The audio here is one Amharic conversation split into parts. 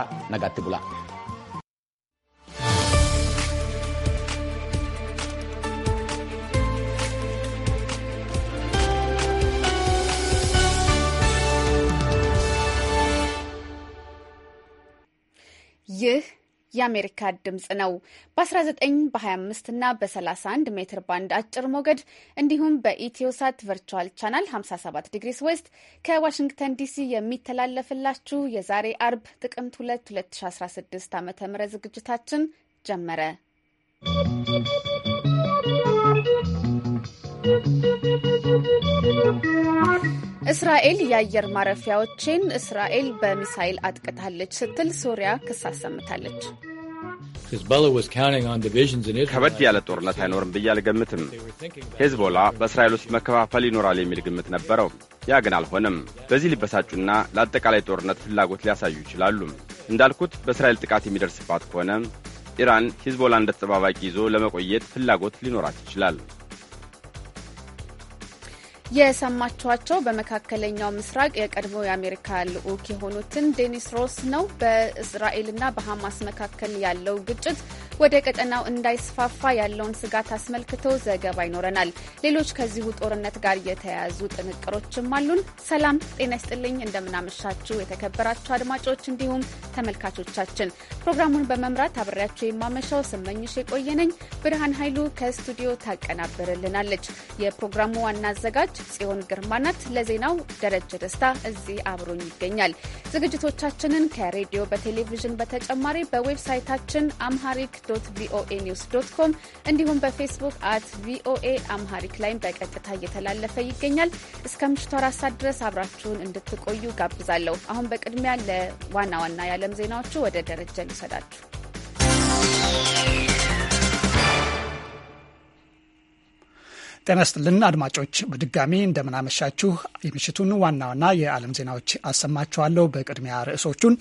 Ah, nagatti bula. የአሜሪካ ድምፅ ነው። በ19 በ25 እና በ31 ሜትር ባንድ አጭር ሞገድ እንዲሁም በኢትዮሳት ቨርቹዋል ቻናል 57 ዲግሪስ ዌስት ከዋሽንግተን ዲሲ የሚተላለፍላችሁ የዛሬ አርብ ጥቅምት 2 2016 ዓ ም ዝግጅታችን ጀመረ። እስራኤል የአየር ማረፊያዎችን እስራኤል በሚሳይል አጥቅታለች ስትል ሶሪያ ክስ አሰምታለች። ከበድ ያለ ጦርነት አይኖርም ብዬ አልገምትም። ሄዝቦላ በእስራኤል ውስጥ መከፋፈል ይኖራል የሚል ግምት ነበረው። ያ ግን አልሆነም። በዚህ ሊበሳጩና ለአጠቃላይ ጦርነት ፍላጎት ሊያሳዩ ይችላሉ። እንዳልኩት በእስራኤል ጥቃት የሚደርስባት ከሆነ ኢራን ሂዝቦላ እንደ ተጠባባቂ ይዞ ለመቆየት ፍላጎት ሊኖራት ይችላል። የሰማችኋቸው በመካከለኛው ምስራቅ የቀድሞ የአሜሪካ ልዑክ የሆኑትን ዴኒስ ሮስ ነው። በእስራኤልና በሐማስ መካከል ያለው ግጭት ወደ ቀጠናው እንዳይስፋፋ ያለውን ስጋት አስመልክቶ ዘገባ ይኖረናል። ሌሎች ከዚሁ ጦርነት ጋር የተያያዙ ጥንቅሮችም አሉን። ሰላም ጤና ይስጥልኝ፣ እንደምናመሻችሁ የተከበራችሁ አድማጮች እንዲሁም ተመልካቾቻችን። ፕሮግራሙን በመምራት አብሬያችሁ የማመሻው ስመኝሽ የቆየነኝ። ብርሃን ኃይሉ ከስቱዲዮ ታቀናብርልናለች። የፕሮግራሙ ዋና አዘጋጅ ጽዮን ግርማ ናት። ለዜናው ደረጀ ደስታ እዚህ አብሮኝ ይገኛል። ዝግጅቶቻችንን ከሬዲዮ በቴሌቪዥን በተጨማሪ በዌብሳይታችን አምሃሪክ ዶት ቪኦኤ ኒውስ ዶት ኮም እንዲሁም በፌስቡክ አት ቪኦኤ አምሃሪክ ላይም በቀጥታ እየተላለፈ ይገኛል። እስከ ምሽቱ አራት ሰዓት ድረስ አብራችሁን እንድትቆዩ ጋብዛለሁ። አሁን በቅድሚያ ለዋና ዋና የዓለም ዜናዎቹ ወደ ደረጀ ልውሰዳችሁ። ጤና ይስጥልን አድማጮች፣ በድጋሚ እንደምናመሻችሁ። የምሽቱን ዋና ዋና የዓለም ዜናዎች አሰማችኋለሁ። በቅድሚያ ርዕሶቹን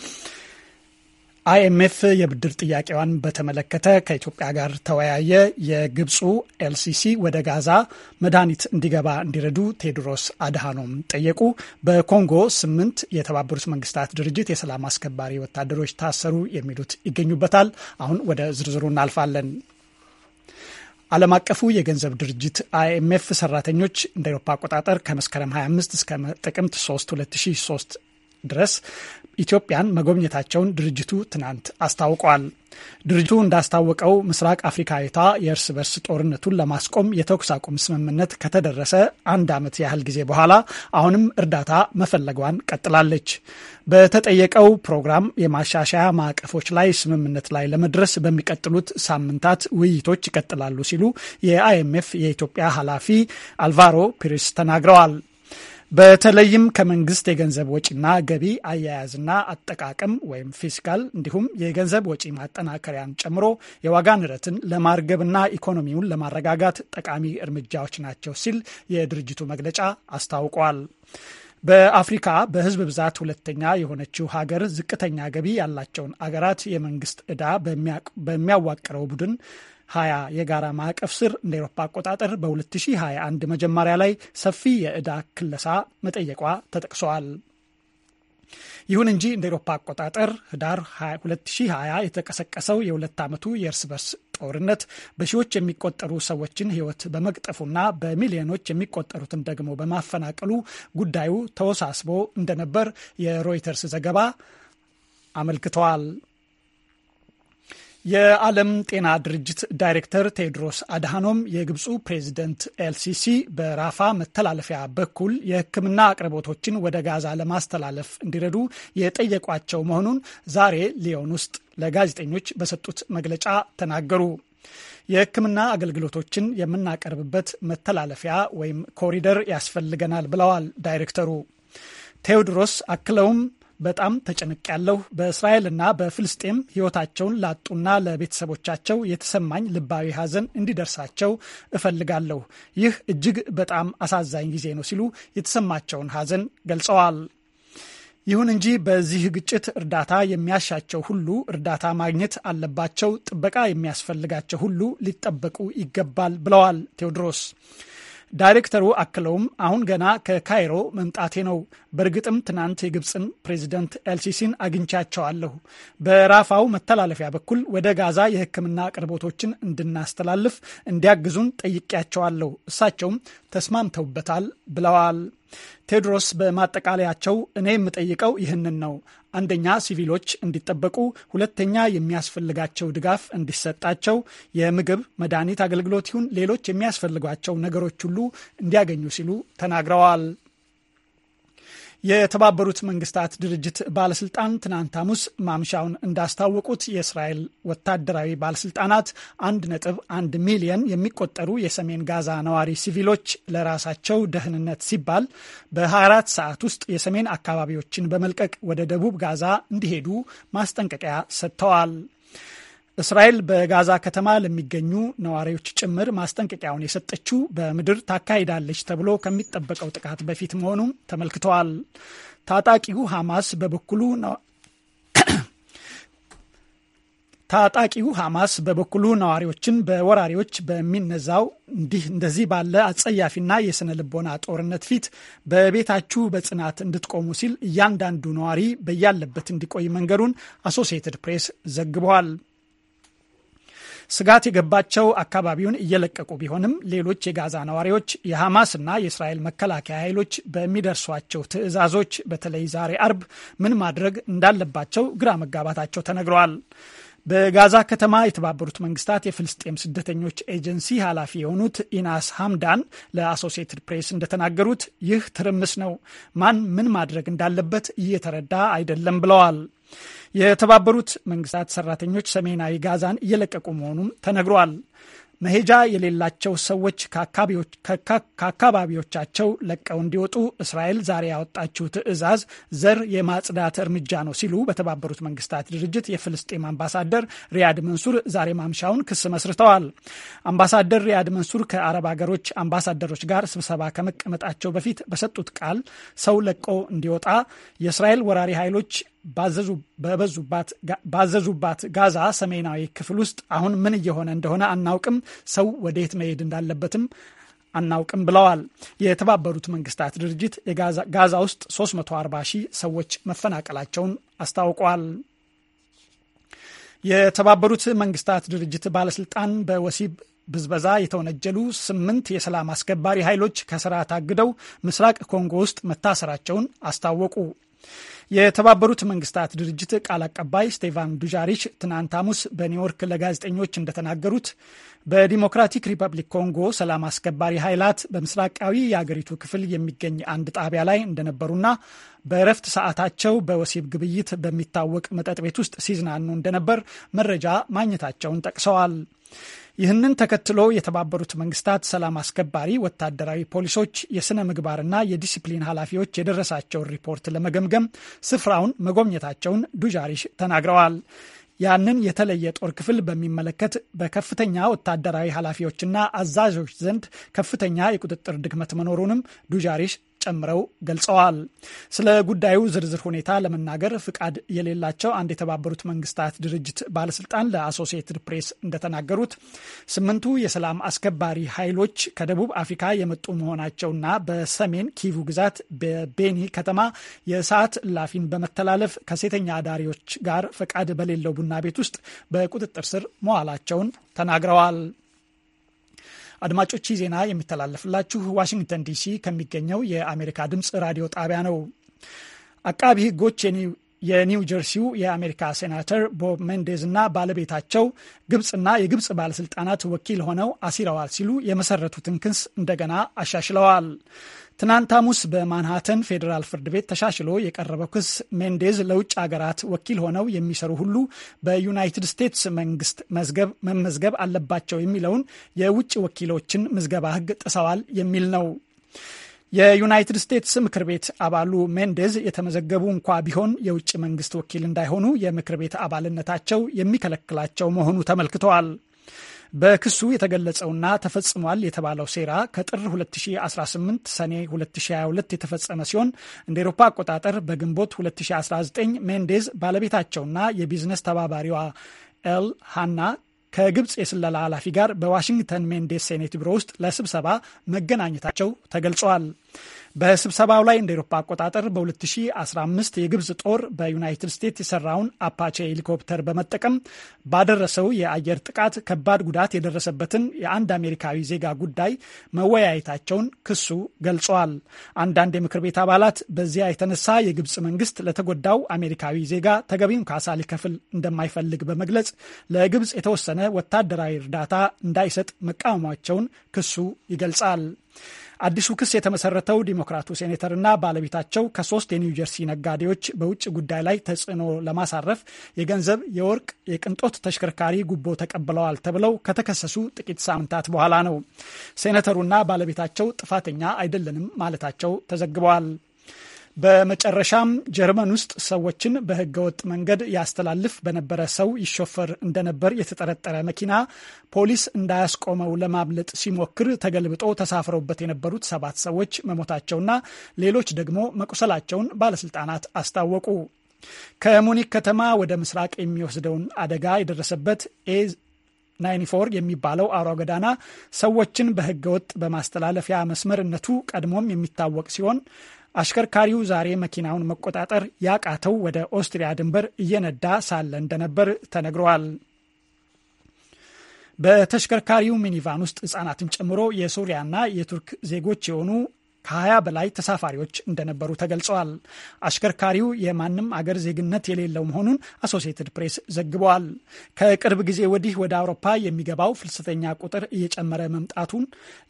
አይኤምኤፍ የብድር ጥያቄዋን በተመለከተ ከኢትዮጵያ ጋር ተወያየ። የግብፁ ኤልሲሲ ወደ ጋዛ መድኃኒት እንዲገባ እንዲረዱ ቴድሮስ አድሃኖም ጠየቁ። በኮንጎ ስምንት የተባበሩት መንግስታት ድርጅት የሰላም አስከባሪ ወታደሮች ታሰሩ። የሚሉት ይገኙበታል። አሁን ወደ ዝርዝሩ እናልፋለን። ዓለም አቀፉ የገንዘብ ድርጅት አይኤምኤፍ ሰራተኞች እንደ ኤሮፓ አቆጣጠር ከመስከረም 25 እስከ ጥቅምት 3 2003 ድረስ ኢትዮጵያን መጎብኘታቸውን ድርጅቱ ትናንት አስታውቋል። ድርጅቱ እንዳስታወቀው ምስራቅ አፍሪካዊቷ የእርስ በርስ ጦርነቱን ለማስቆም የተኩስ አቁም ስምምነት ከተደረሰ አንድ ዓመት ያህል ጊዜ በኋላ አሁንም እርዳታ መፈለጓን ቀጥላለች። በተጠየቀው ፕሮግራም የማሻሻያ ማዕቀፎች ላይ ስምምነት ላይ ለመድረስ በሚቀጥሉት ሳምንታት ውይይቶች ይቀጥላሉ ሲሉ የአይኤምኤፍ የኢትዮጵያ ኃላፊ አልቫሮ ፒሪስ ተናግረዋል። በተለይም ከመንግስት የገንዘብ ወጪና ገቢ አያያዝና አጠቃቀም ወይም ፊስካል እንዲሁም የገንዘብ ወጪ ማጠናከሪያን ጨምሮ የዋጋ ንረትን ለማርገብና ኢኮኖሚውን ለማረጋጋት ጠቃሚ እርምጃዎች ናቸው ሲል የድርጅቱ መግለጫ አስታውቋል። በአፍሪካ በህዝብ ብዛት ሁለተኛ የሆነችው ሀገር ዝቅተኛ ገቢ ያላቸውን አገራት የመንግስት ዕዳ በሚያዋቅረው ቡድን 20 የጋራ ማዕቀፍ ስር እንደ ኤሮፓ አቆጣጠር በ2021 መጀመሪያ ላይ ሰፊ የዕዳ ክለሳ መጠየቋ ተጠቅሷል። ይሁን እንጂ እንደ ኤሮፓ አቆጣጠር ህዳር 2020 የተቀሰቀሰው የሁለት ዓመቱ የእርስ በርስ ጦርነት በሺዎች የሚቆጠሩ ሰዎችን ህይወት በመቅጠፉና በሚሊዮኖች የሚቆጠሩትን ደግሞ በማፈናቀሉ ጉዳዩ ተወሳስቦ እንደነበር የሮይተርስ ዘገባ አመልክተዋል። የዓለም ጤና ድርጅት ዳይሬክተር ቴድሮስ አድሃኖም የግብፁ ፕሬዚደንት ኤልሲሲ በራፋ መተላለፊያ በኩል የሕክምና አቅርቦቶችን ወደ ጋዛ ለማስተላለፍ እንዲረዱ የጠየቋቸው መሆኑን ዛሬ ሊዮን ውስጥ ለጋዜጠኞች በሰጡት መግለጫ ተናገሩ። የሕክምና አገልግሎቶችን የምናቀርብበት መተላለፊያ ወይም ኮሪደር ያስፈልገናል ብለዋል ዳይሬክተሩ ቴዎድሮስ አክለውም በጣም ያለሁ በእስራኤልና በፍልስጤም ህይወታቸውን ላጡና ለቤተሰቦቻቸው የተሰማኝ ልባዊ ሐዘን እንዲደርሳቸው እፈልጋለሁ። ይህ እጅግ በጣም አሳዛኝ ጊዜ ነው ሲሉ የተሰማቸውን ሐዘን ገልጸዋል። ይሁን እንጂ በዚህ ግጭት እርዳታ የሚያሻቸው ሁሉ እርዳታ ማግኘት አለባቸው፣ ጥበቃ የሚያስፈልጋቸው ሁሉ ሊጠበቁ ይገባል ብለዋል ቴዎድሮስ። ዳይሬክተሩ አክለውም አሁን ገና ከካይሮ መምጣቴ ነው። በእርግጥም ትናንት የግብፅን ፕሬዚደንት ኤልሲሲን አግኝቻቸዋለሁ። በራፋው መተላለፊያ በኩል ወደ ጋዛ የሕክምና አቅርቦቶችን እንድናስተላልፍ እንዲያግዙን ጠይቄያቸዋለሁ። እሳቸውም ተስማምተውበታል ብለዋል። ቴድሮስ በማጠቃለያቸው እኔ የምጠይቀው ይህንን ነው። አንደኛ ሲቪሎች እንዲጠበቁ፣ ሁለተኛ የሚያስፈልጋቸው ድጋፍ እንዲሰጣቸው፣ የምግብ መድኃኒት አገልግሎት ይሁን ሌሎች የሚያስፈልጓቸው ነገሮች ሁሉ እንዲያገኙ ሲሉ ተናግረዋል። የተባበሩት መንግስታት ድርጅት ባለስልጣን ትናንት ሐሙስ ማምሻውን እንዳስታወቁት የእስራኤል ወታደራዊ ባለስልጣናት አንድ አንድ ሚሊየን የሚቆጠሩ የሰሜን ጋዛ ነዋሪ ሲቪሎች ለራሳቸው ደህንነት ሲባል በ24 ሰዓት ውስጥ የሰሜን አካባቢዎችን በመልቀቅ ወደ ደቡብ ጋዛ እንዲሄዱ ማስጠንቀቂያ ሰጥተዋል። እስራኤል በጋዛ ከተማ ለሚገኙ ነዋሪዎች ጭምር ማስጠንቀቂያውን የሰጠችው በምድር ታካሂዳለች ተብሎ ከሚጠበቀው ጥቃት በፊት መሆኑም ተመልክተዋል። ታጣቂው ሐማስ በበኩሉ ታጣቂው ሐማስ በበኩሉ ነዋሪዎችን በወራሪዎች በሚነዛው እንዲህ እንደዚህ ባለ አጸያፊና የሥነ ልቦና ጦርነት ፊት በቤታችሁ በጽናት እንድትቆሙ ሲል እያንዳንዱ ነዋሪ በያለበት እንዲቆይ መንገዱን አሶሲየትድ ፕሬስ ዘግቧል። ስጋት የገባቸው አካባቢውን እየለቀቁ ቢሆንም ሌሎች የጋዛ ነዋሪዎች የሐማስ እና የእስራኤል መከላከያ ኃይሎች በሚደርሷቸው ትዕዛዞች በተለይ ዛሬ አርብ ምን ማድረግ እንዳለባቸው ግራ መጋባታቸው ተነግረዋል። በጋዛ ከተማ የተባበሩት መንግስታት የፍልስጤም ስደተኞች ኤጀንሲ ኃላፊ የሆኑት ኢናስ ሐምዳን ለአሶሲየትድ ፕሬስ እንደተናገሩት ይህ ትርምስ ነው፣ ማን ምን ማድረግ እንዳለበት እየተረዳ አይደለም ብለዋል። የተባበሩት መንግስታት ሰራተኞች ሰሜናዊ ጋዛን እየለቀቁ መሆኑም ተነግሯል። መሄጃ የሌላቸው ሰዎች ከአካባቢዎቻቸው ለቀው እንዲወጡ እስራኤል ዛሬ ያወጣችው ትዕዛዝ ዘር የማጽዳት እርምጃ ነው ሲሉ በተባበሩት መንግስታት ድርጅት የፍልስጤም አምባሳደር ሪያድ መንሱር ዛሬ ማምሻውን ክስ መስርተዋል። አምባሳደር ሪያድ መንሱር ከአረብ አገሮች አምባሳደሮች ጋር ስብሰባ ከመቀመጣቸው በፊት በሰጡት ቃል ሰው ለቆ እንዲወጣ የእስራኤል ወራሪ ኃይሎች ባዘዙባት ጋዛ ሰሜናዊ ክፍል ውስጥ አሁን ምን እየሆነ እንደሆነ አናውቅም፣ ሰው ወዴት መሄድ እንዳለበትም አናውቅም ብለዋል። የተባበሩት መንግስታት ድርጅት ጋዛ ውስጥ 340 ሺህ ሰዎች መፈናቀላቸውን አስታውቋል። የተባበሩት መንግስታት ድርጅት ባለስልጣን በወሲብ ብዝበዛ የተወነጀሉ ስምንት የሰላም አስከባሪ ኃይሎች ከስራ ታግደው ምስራቅ ኮንጎ ውስጥ መታሰራቸውን አስታወቁ። የተባበሩት መንግስታት ድርጅት ቃል አቀባይ ስቴቫን ዱዣሪሽ ትናንት ሐሙስ በኒውዮርክ ለጋዜጠኞች እንደተናገሩት በዲሞክራቲክ ሪፐብሊክ ኮንጎ ሰላም አስከባሪ ኃይላት በምስራቃዊ የአገሪቱ ክፍል የሚገኝ አንድ ጣቢያ ላይ እንደነበሩና በእረፍት ሰዓታቸው በወሲብ ግብይት በሚታወቅ መጠጥ ቤት ውስጥ ሲዝናኑ እንደነበር መረጃ ማግኘታቸውን ጠቅሰዋል። ይህንን ተከትሎ የተባበሩት መንግስታት ሰላም አስከባሪ ወታደራዊ ፖሊሶች የሥነ ምግባርና የዲሲፕሊን ኃላፊዎች የደረሳቸውን ሪፖርት ለመገምገም ስፍራውን መጎብኘታቸውን ዱጃሪሽ ተናግረዋል። ያንን የተለየ ጦር ክፍል በሚመለከት በከፍተኛ ወታደራዊ ኃላፊዎችና አዛዦች ዘንድ ከፍተኛ የቁጥጥር ድክመት መኖሩንም ዱዣሪሽ ጨምረው ገልጸዋል። ስለ ጉዳዩ ዝርዝር ሁኔታ ለመናገር ፍቃድ የሌላቸው አንድ የተባበሩት መንግስታት ድርጅት ባለስልጣን ለአሶሲየትድ ፕሬስ እንደተናገሩት ስምንቱ የሰላም አስከባሪ ኃይሎች ከደቡብ አፍሪካ የመጡ መሆናቸውና በሰሜን ኪቩ ግዛት በቤኒ ከተማ የሰዓት ላፊን በመተላለፍ ከሴተኛ አዳሪዎች ጋር ፈቃድ በሌለው ቡና ቤት ውስጥ በቁጥጥር ስር መዋላቸውን ተናግረዋል። አድማጮች ዜና የሚተላለፍላችሁ ዋሽንግተን ዲሲ ከሚገኘው የአሜሪካ ድምፅ ራዲዮ ጣቢያ ነው። አቃቢ ሕጎች የኒው ጀርሲው የአሜሪካ ሴናተር ቦብ ሜንዴዝ እና ባለቤታቸው ግብፅና የግብፅ ባለስልጣናት ወኪል ሆነው አሲረዋል ሲሉ የመሰረቱትን ክስ እንደገና አሻሽለዋል። ትናንት ሐሙስ በማንሃተን ፌዴራል ፍርድ ቤት ተሻሽሎ የቀረበው ክስ ሜንዴዝ ለውጭ አገራት ወኪል ሆነው የሚሰሩ ሁሉ በዩናይትድ ስቴትስ መንግስት መዝገብ መመዝገብ አለባቸው የሚለውን የውጭ ወኪሎችን ምዝገባ ሕግ ጥሰዋል የሚል ነው። የዩናይትድ ስቴትስ ምክር ቤት አባሉ ሜንዴዝ የተመዘገቡ እንኳ ቢሆን የውጭ መንግስት ወኪል እንዳይሆኑ የምክር ቤት አባልነታቸው የሚከለክላቸው መሆኑ ተመልክተዋል። በክሱ የተገለጸውና ተፈጽሟል የተባለው ሴራ ከጥር 2018 ሰኔ 2022 የተፈጸመ ሲሆን እንደ ኤሮፓ አቆጣጠር በግንቦት 2019 ሜንዴዝ ባለቤታቸውና የቢዝነስ ተባባሪዋ ኤል ሃና ከግብፅ የስለላ ኃላፊ ጋር በዋሽንግተን ሜንዴዝ ሴኔት ቢሮ ውስጥ ለስብሰባ መገናኘታቸው ተገልጸዋል። በስብሰባው ላይ እንደ ኤሮፓ አቆጣጠር በ2015 የግብፅ ጦር በዩናይትድ ስቴትስ የሰራውን አፓቼ ሄሊኮፕተር በመጠቀም ባደረሰው የአየር ጥቃት ከባድ ጉዳት የደረሰበትን የአንድ አሜሪካዊ ዜጋ ጉዳይ መወያየታቸውን ክሱ ገልጸዋል። አንዳንድ የምክር ቤት አባላት በዚያ የተነሳ የግብፅ መንግስት ለተጎዳው አሜሪካዊ ዜጋ ተገቢውን ካሳ ሊከፍል እንደማይፈልግ በመግለጽ ለግብፅ የተወሰነ ወታደራዊ እርዳታ እንዳይሰጥ መቃወማቸውን ክሱ ይገልጻል። አዲሱ ክስ የተመሰረተው ዲሞክራቱ ሴኔተርና ባለቤታቸው ከሶስት የኒውጀርሲ ነጋዴዎች በውጭ ጉዳይ ላይ ተጽዕኖ ለማሳረፍ የገንዘብ፣ የወርቅ፣ የቅንጦት ተሽከርካሪ ጉቦ ተቀብለዋል ተብለው ከተከሰሱ ጥቂት ሳምንታት በኋላ ነው። ሴኔተሩና ባለቤታቸው ጥፋተኛ አይደለንም ማለታቸው ተዘግበዋል። በመጨረሻም ጀርመን ውስጥ ሰዎችን በህገወጥ መንገድ ያስተላልፍ በነበረ ሰው ይሾፈር እንደነበር የተጠረጠረ መኪና ፖሊስ እንዳያስቆመው ለማምለጥ ሲሞክር ተገልብጦ ተሳፍረውበት የነበሩት ሰባት ሰዎች መሞታቸውና ሌሎች ደግሞ መቁሰላቸውን ባለስልጣናት አስታወቁ። ከሙኒክ ከተማ ወደ ምስራቅ የሚወስደውን አደጋ የደረሰበት ኤ 94 የሚባለው አውራ ጎዳና ሰዎችን በህገ ወጥ በማስተላለፊያ መስመርነቱ ቀድሞም የሚታወቅ ሲሆን አሽከርካሪው ዛሬ መኪናውን መቆጣጠር ያቃተው ወደ ኦስትሪያ ድንበር እየነዳ ሳለ እንደነበር ተነግረዋል። በተሽከርካሪው ሚኒቫን ውስጥ ህጻናትን ጨምሮ የሶሪያና የቱርክ ዜጎች የሆኑ ከ20 በላይ ተሳፋሪዎች እንደነበሩ ተገልጸዋል። አሽከርካሪው የማንም አገር ዜግነት የሌለው መሆኑን አሶሲየትድ ፕሬስ ዘግበዋል። ከቅርብ ጊዜ ወዲህ ወደ አውሮፓ የሚገባው ፍልሰተኛ ቁጥር እየጨመረ መምጣቱን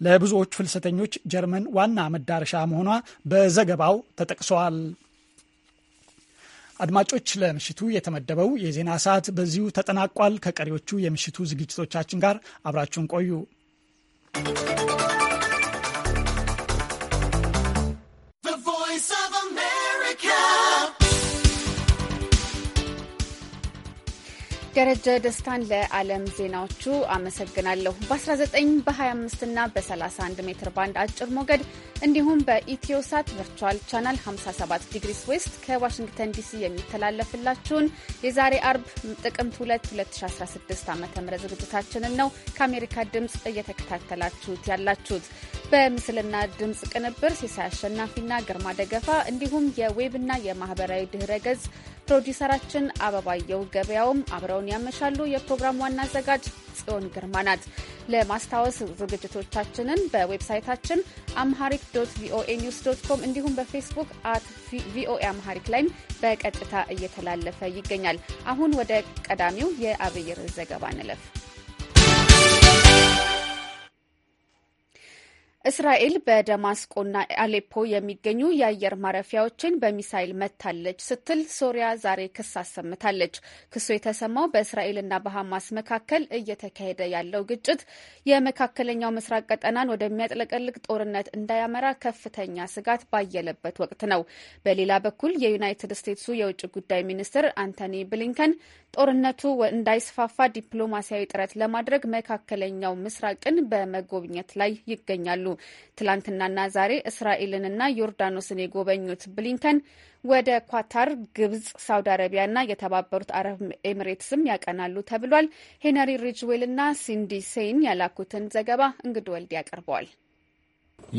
ለብዙዎች ፍልሰተኞች ጀርመን ዋና መዳረሻ መሆኗ በዘገባው ተጠቅሰዋል። አድማጮች፣ ለምሽቱ የተመደበው የዜና ሰዓት በዚሁ ተጠናቋል። ከቀሪዎቹ የምሽቱ ዝግጅቶቻችን ጋር አብራችሁን ቆዩ። ደረጀ ደስታን ለዓለም ዜናዎቹ አመሰግናለሁ። በ19 በ25 እና በ31 ሜትር ባንድ አጭር ሞገድ እንዲሁም በኢትዮሳት ቨርቹዋል ቻናል 57 ዲግሪስ ዌስት ከዋሽንግተን ዲሲ የሚተላለፍላችሁን የዛሬ አርብ ጥቅምት 2 2016 ዓ ም ዝግጅታችንን ነው ከአሜሪካ ድምፅ እየተከታተላችሁት ያላችሁት። በምስልና ድምፅ ቅንብር ሲሳይ አሸናፊና ግርማ ደገፋ እንዲሁም የዌብና የማህበራዊ ድህረ ገጽ ፕሮዲሰራችን አበባየው ገበያውም አብረውን ያመሻሉ። የፕሮግራም ዋና አዘጋጅ ጽዮን ግርማ ናት። ለማስታወስ ዝግጅቶቻችንን በዌብሳይታችን አምሃሪክ ዶት ቪኦኤ ኒውስ ዶት ኮም እንዲሁም በፌስቡክ አት ቪኦኤ አምሃሪክ ላይም በቀጥታ እየተላለፈ ይገኛል። አሁን ወደ ቀዳሚው የአብይር ዘገባ እንለፍ። እስራኤል በደማስቆና አሌፖ የሚገኙ የአየር ማረፊያዎችን በሚሳይል መታለች ስትል ሶሪያ ዛሬ ክስ አሰምታለች። ክሱ የተሰማው በእስራኤልና በሐማስ መካከል እየተካሄደ ያለው ግጭት የመካከለኛው ምስራቅ ቀጠናን ወደሚያጥለቀልቅ ጦርነት እንዳያመራ ከፍተኛ ስጋት ባየለበት ወቅት ነው። በሌላ በኩል የዩናይትድ ስቴትሱ የውጭ ጉዳይ ሚኒስትር አንቶኒ ብሊንከን ጦርነቱ እንዳይስፋፋ ዲፕሎማሲያዊ ጥረት ለማድረግ መካከለኛው ምስራቅን በመጎብኘት ላይ ይገኛሉ። ትላንትናና ዛሬ እስራኤልንና ዮርዳኖስን የጎበኙት ብሊንከን ወደ ኳታር፣ ግብጽ፣ ሳውዲ አረቢያና የተባበሩት አረብ ኤምሬትስም ያቀናሉ ተብሏል። ሄነሪ ሪጅዌልና ሲንዲ ሴይን ያላኩትን ዘገባ እንግድ ወልድ ያቀርበዋል።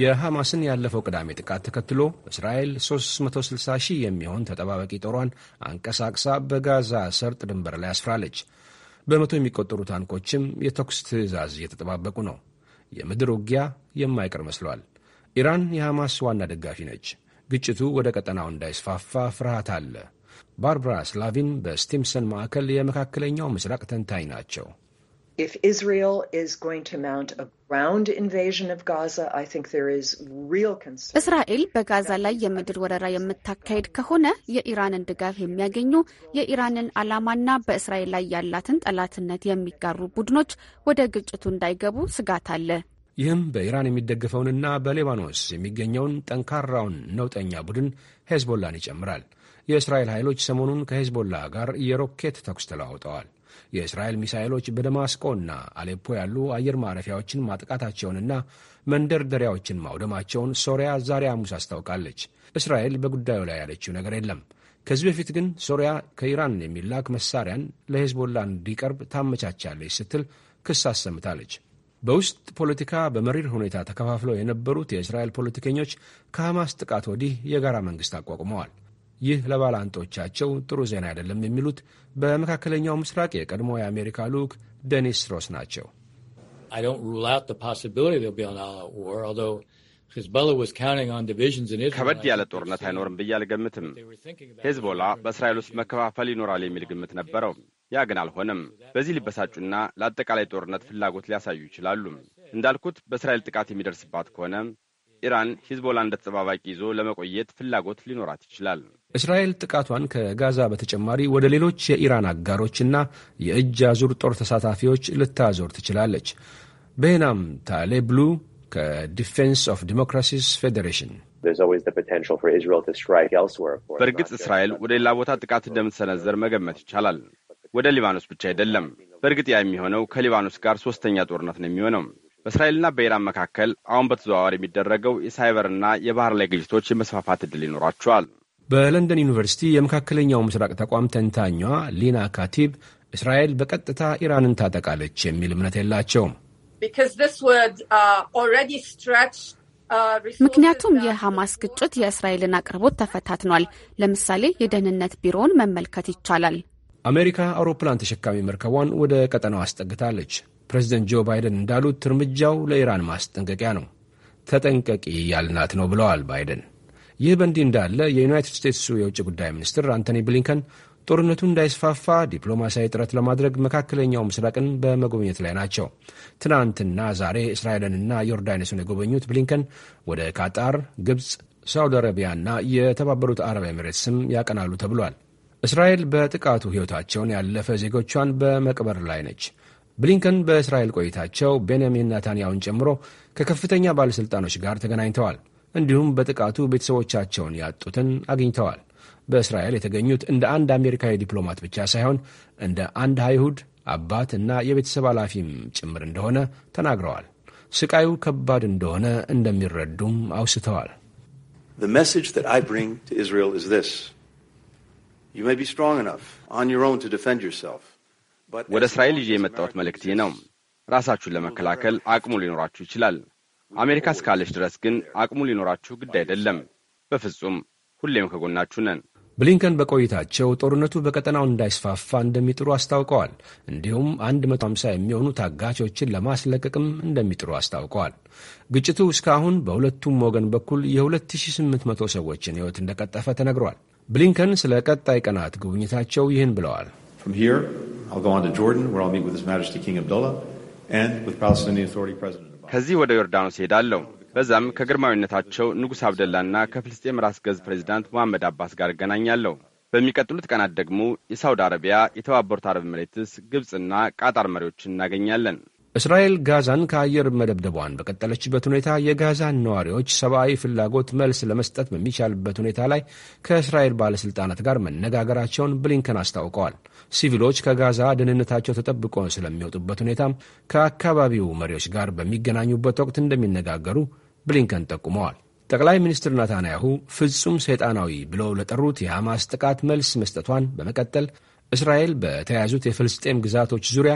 የሐማስን ያለፈው ቅዳሜ ጥቃት ተከትሎ እስራኤል 360 ሺህ የሚሆን ተጠባባቂ ጦሯን አንቀሳቅሳ በጋዛ ሰርጥ ድንበር ላይ አስፍራለች። በመቶ የሚቆጠሩ ታንኮችም የተኩስ ትዕዛዝ እየተጠባበቁ ነው። የምድር ውጊያ የማይቀር መስሏል። ኢራን የሐማስ ዋና ደጋፊ ነች። ግጭቱ ወደ ቀጠናው እንዳይስፋፋ ፍርሃት አለ። ባርባራ ስላቪን በስቲምሰን ማዕከል የመካከለኛው ምስራቅ ተንታኝ ናቸው። if Israel is going to mount a ground invasion of Gaza, I think there is real concern. እስራኤል በጋዛ ላይ የምድር ወረራ የምታካሄድ ከሆነ የኢራንን ድጋፍ የሚያገኙ የኢራንን ዓላማና በእስራኤል ላይ ያላትን ጠላትነት የሚጋሩ ቡድኖች ወደ ግጭቱ እንዳይገቡ ስጋት አለ። ይህም በኢራን የሚደገፈውንና በሌባኖስ የሚገኘውን ጠንካራውን ነውጠኛ ቡድን ሄዝቦላን ይጨምራል። የእስራኤል ኃይሎች ሰሞኑን ከሄዝቦላ ጋር የሮኬት ተኩስ ተለዋውጠዋል። የእስራኤል ሚሳይሎች በደማስቆና አሌፖ ያሉ አየር ማረፊያዎችን ማጥቃታቸውንና መንደርደሪያዎችን ማውደማቸውን ሶሪያ ዛሬ ሐሙስ አስታውቃለች። እስራኤል በጉዳዩ ላይ ያለችው ነገር የለም። ከዚህ በፊት ግን ሶሪያ ከኢራን የሚላክ መሳሪያን ለሄዝቦላ እንዲቀርብ ታመቻቻለች ስትል ክስ አሰምታለች። በውስጥ ፖለቲካ በመሪር ሁኔታ ተከፋፍለው የነበሩት የእስራኤል ፖለቲከኞች ከሐማስ ጥቃት ወዲህ የጋራ መንግሥት አቋቁመዋል። ይህ ለባላንጦቻቸው ጥሩ ዜና አይደለም የሚሉት በመካከለኛው ምስራቅ የቀድሞ የአሜሪካ ልዑክ ደኒስ ሮስ ናቸው። ከበድ ያለ ጦርነት አይኖርም ብዬ አልገምትም። ሄዝቦላ በእስራኤል ውስጥ መከፋፈል ይኖራል የሚል ግምት ነበረው። ያ ግን አልሆነም። በዚህ ሊበሳጩና ለአጠቃላይ ጦርነት ፍላጎት ሊያሳዩ ይችላሉ። እንዳልኩት በእስራኤል ጥቃት የሚደርስባት ከሆነ ኢራን ሂዝቦላ እንደ ተጠባባቂ ይዞ ለመቆየት ፍላጎት ሊኖራት ይችላል። እስራኤል ጥቃቷን ከጋዛ በተጨማሪ ወደ ሌሎች የኢራን አጋሮችና የእጅ አዙር ጦር ተሳታፊዎች ልታዞር ትችላለች። ታሌ ብሉ ከዲፌንስ ኦፍ ዲሞክራሲስ ፌዴሬሽን በእርግጥ እስራኤል ወደ ሌላ ቦታ ጥቃት እንደምትሰነዘር መገመት ይቻላል። ወደ ሊባኖስ ብቻ አይደለም። በእርግጥ ያ የሚሆነው ከሊባኖስ ጋር ሶስተኛ ጦርነት ነው የሚሆነው። በእስራኤልና በኢራን መካከል አሁን በተዘዋዋር የሚደረገው የሳይበርና የባህር ላይ ግጭቶች የመስፋፋት ዕድል ይኖራቸዋል። በለንደን ዩኒቨርሲቲ የመካከለኛው ምስራቅ ተቋም ተንታኟ ሊና ካቲብ እስራኤል በቀጥታ ኢራንን ታጠቃለች የሚል እምነት የላቸውም። uh, uh, ምክንያቱም የሐማስ ግጭት የእስራኤልን አቅርቦት ተፈታትኗል። ለምሳሌ የደህንነት ቢሮውን መመልከት ይቻላል። አሜሪካ አውሮፕላን ተሸካሚ መርከቧን ወደ ቀጠናው አስጠግታለች። ፕሬዚደንት ጆ ባይደን እንዳሉት እርምጃው ለኢራን ማስጠንቀቂያ ነው። ተጠንቀቂ ያልናት ነው ብለዋል ባይደን። ይህ በእንዲህ እንዳለ የዩናይትድ ስቴትሱ የውጭ ጉዳይ ሚኒስትር አንቶኒ ብሊንከን ጦርነቱ እንዳይስፋፋ ዲፕሎማሲያዊ ጥረት ለማድረግ መካከለኛው ምስራቅን በመጎብኘት ላይ ናቸው። ትናንትና ዛሬ እስራኤልንና ዮርዳኖስን የጎበኙት ብሊንከን ወደ ካጣር፣ ግብፅ፣ ሳውዲ አረቢያና የተባበሩት አረብ ስም ያቀናሉ ተብሏል። እስራኤል በጥቃቱ ሕይወታቸውን ያለፈ ዜጎቿን በመቅበር ላይ ነች። ብሊንከን በእስራኤል ቆይታቸው ቤንያሚን ናታንያውን ጨምሮ ከከፍተኛ ባለሥልጣኖች ጋር ተገናኝተዋል። እንዲሁም በጥቃቱ ቤተሰቦቻቸውን ያጡትን አግኝተዋል። በእስራኤል የተገኙት እንደ አንድ አሜሪካዊ ዲፕሎማት ብቻ ሳይሆን እንደ አንድ አይሁድ አባት እና የቤተሰብ ኃላፊም ጭምር እንደሆነ ተናግረዋል። ስቃዩ ከባድ እንደሆነ እንደሚረዱም አውስተዋል። ወደ እስራኤል ይዤ የመጣሁት መልእክቴ ነው። ራሳችሁን ለመከላከል አቅሙ ሊኖራችሁ ይችላል። አሜሪካ እስካለች ድረስ ግን አቅሙ ሊኖራችሁ ግድ አይደለም። በፍጹም ሁሌም ከጎናችሁ ነን። ብሊንከን በቆይታቸው ጦርነቱ በቀጠናው እንዳይስፋፋ እንደሚጥሩ አስታውቀዋል። እንዲሁም 150 የሚሆኑ ታጋቾችን ለማስለቀቅም እንደሚጥሩ አስታውቀዋል። ግጭቱ እስካሁን በሁለቱም ወገን በኩል የ2800 ሰዎችን ሕይወት እንደቀጠፈ ተነግሯል። ብሊንከን ስለ ቀጣይ ቀናት ጉብኝታቸው ይህን ብለዋል። ጆርዳን ከዚህ ወደ ዮርዳኖስ ይሄዳለሁ። በዛም ከግርማዊነታቸው ንጉሥ አብደላና ከፍልስጤም ራስ ገዝ ፕሬዚዳንት መሐመድ አባስ ጋር እገናኛለሁ። በሚቀጥሉት ቀናት ደግሞ የሳውዲ አረቢያ፣ የተባበሩት አረብ መሬትስ ግብፅና ቃጣር መሪዎችን እናገኛለን። እስራኤል ጋዛን ከአየር መደብደቧን በቀጠለችበት ሁኔታ የጋዛን ነዋሪዎች ሰብአዊ ፍላጎት መልስ ለመስጠት በሚቻልበት ሁኔታ ላይ ከእስራኤል ባለሥልጣናት ጋር መነጋገራቸውን ብሊንከን አስታውቀዋል። ሲቪሎች ከጋዛ ደህንነታቸው ተጠብቆ ስለሚወጡበት ሁኔታም ከአካባቢው መሪዎች ጋር በሚገናኙበት ወቅት እንደሚነጋገሩ ብሊንከን ጠቁመዋል። ጠቅላይ ሚኒስትር ናታንያሁ ፍጹም ሰይጣናዊ ብለው ለጠሩት የሐማስ ጥቃት መልስ መስጠቷን በመቀጠል እስራኤል በተያያዙት የፍልስጤም ግዛቶች ዙሪያ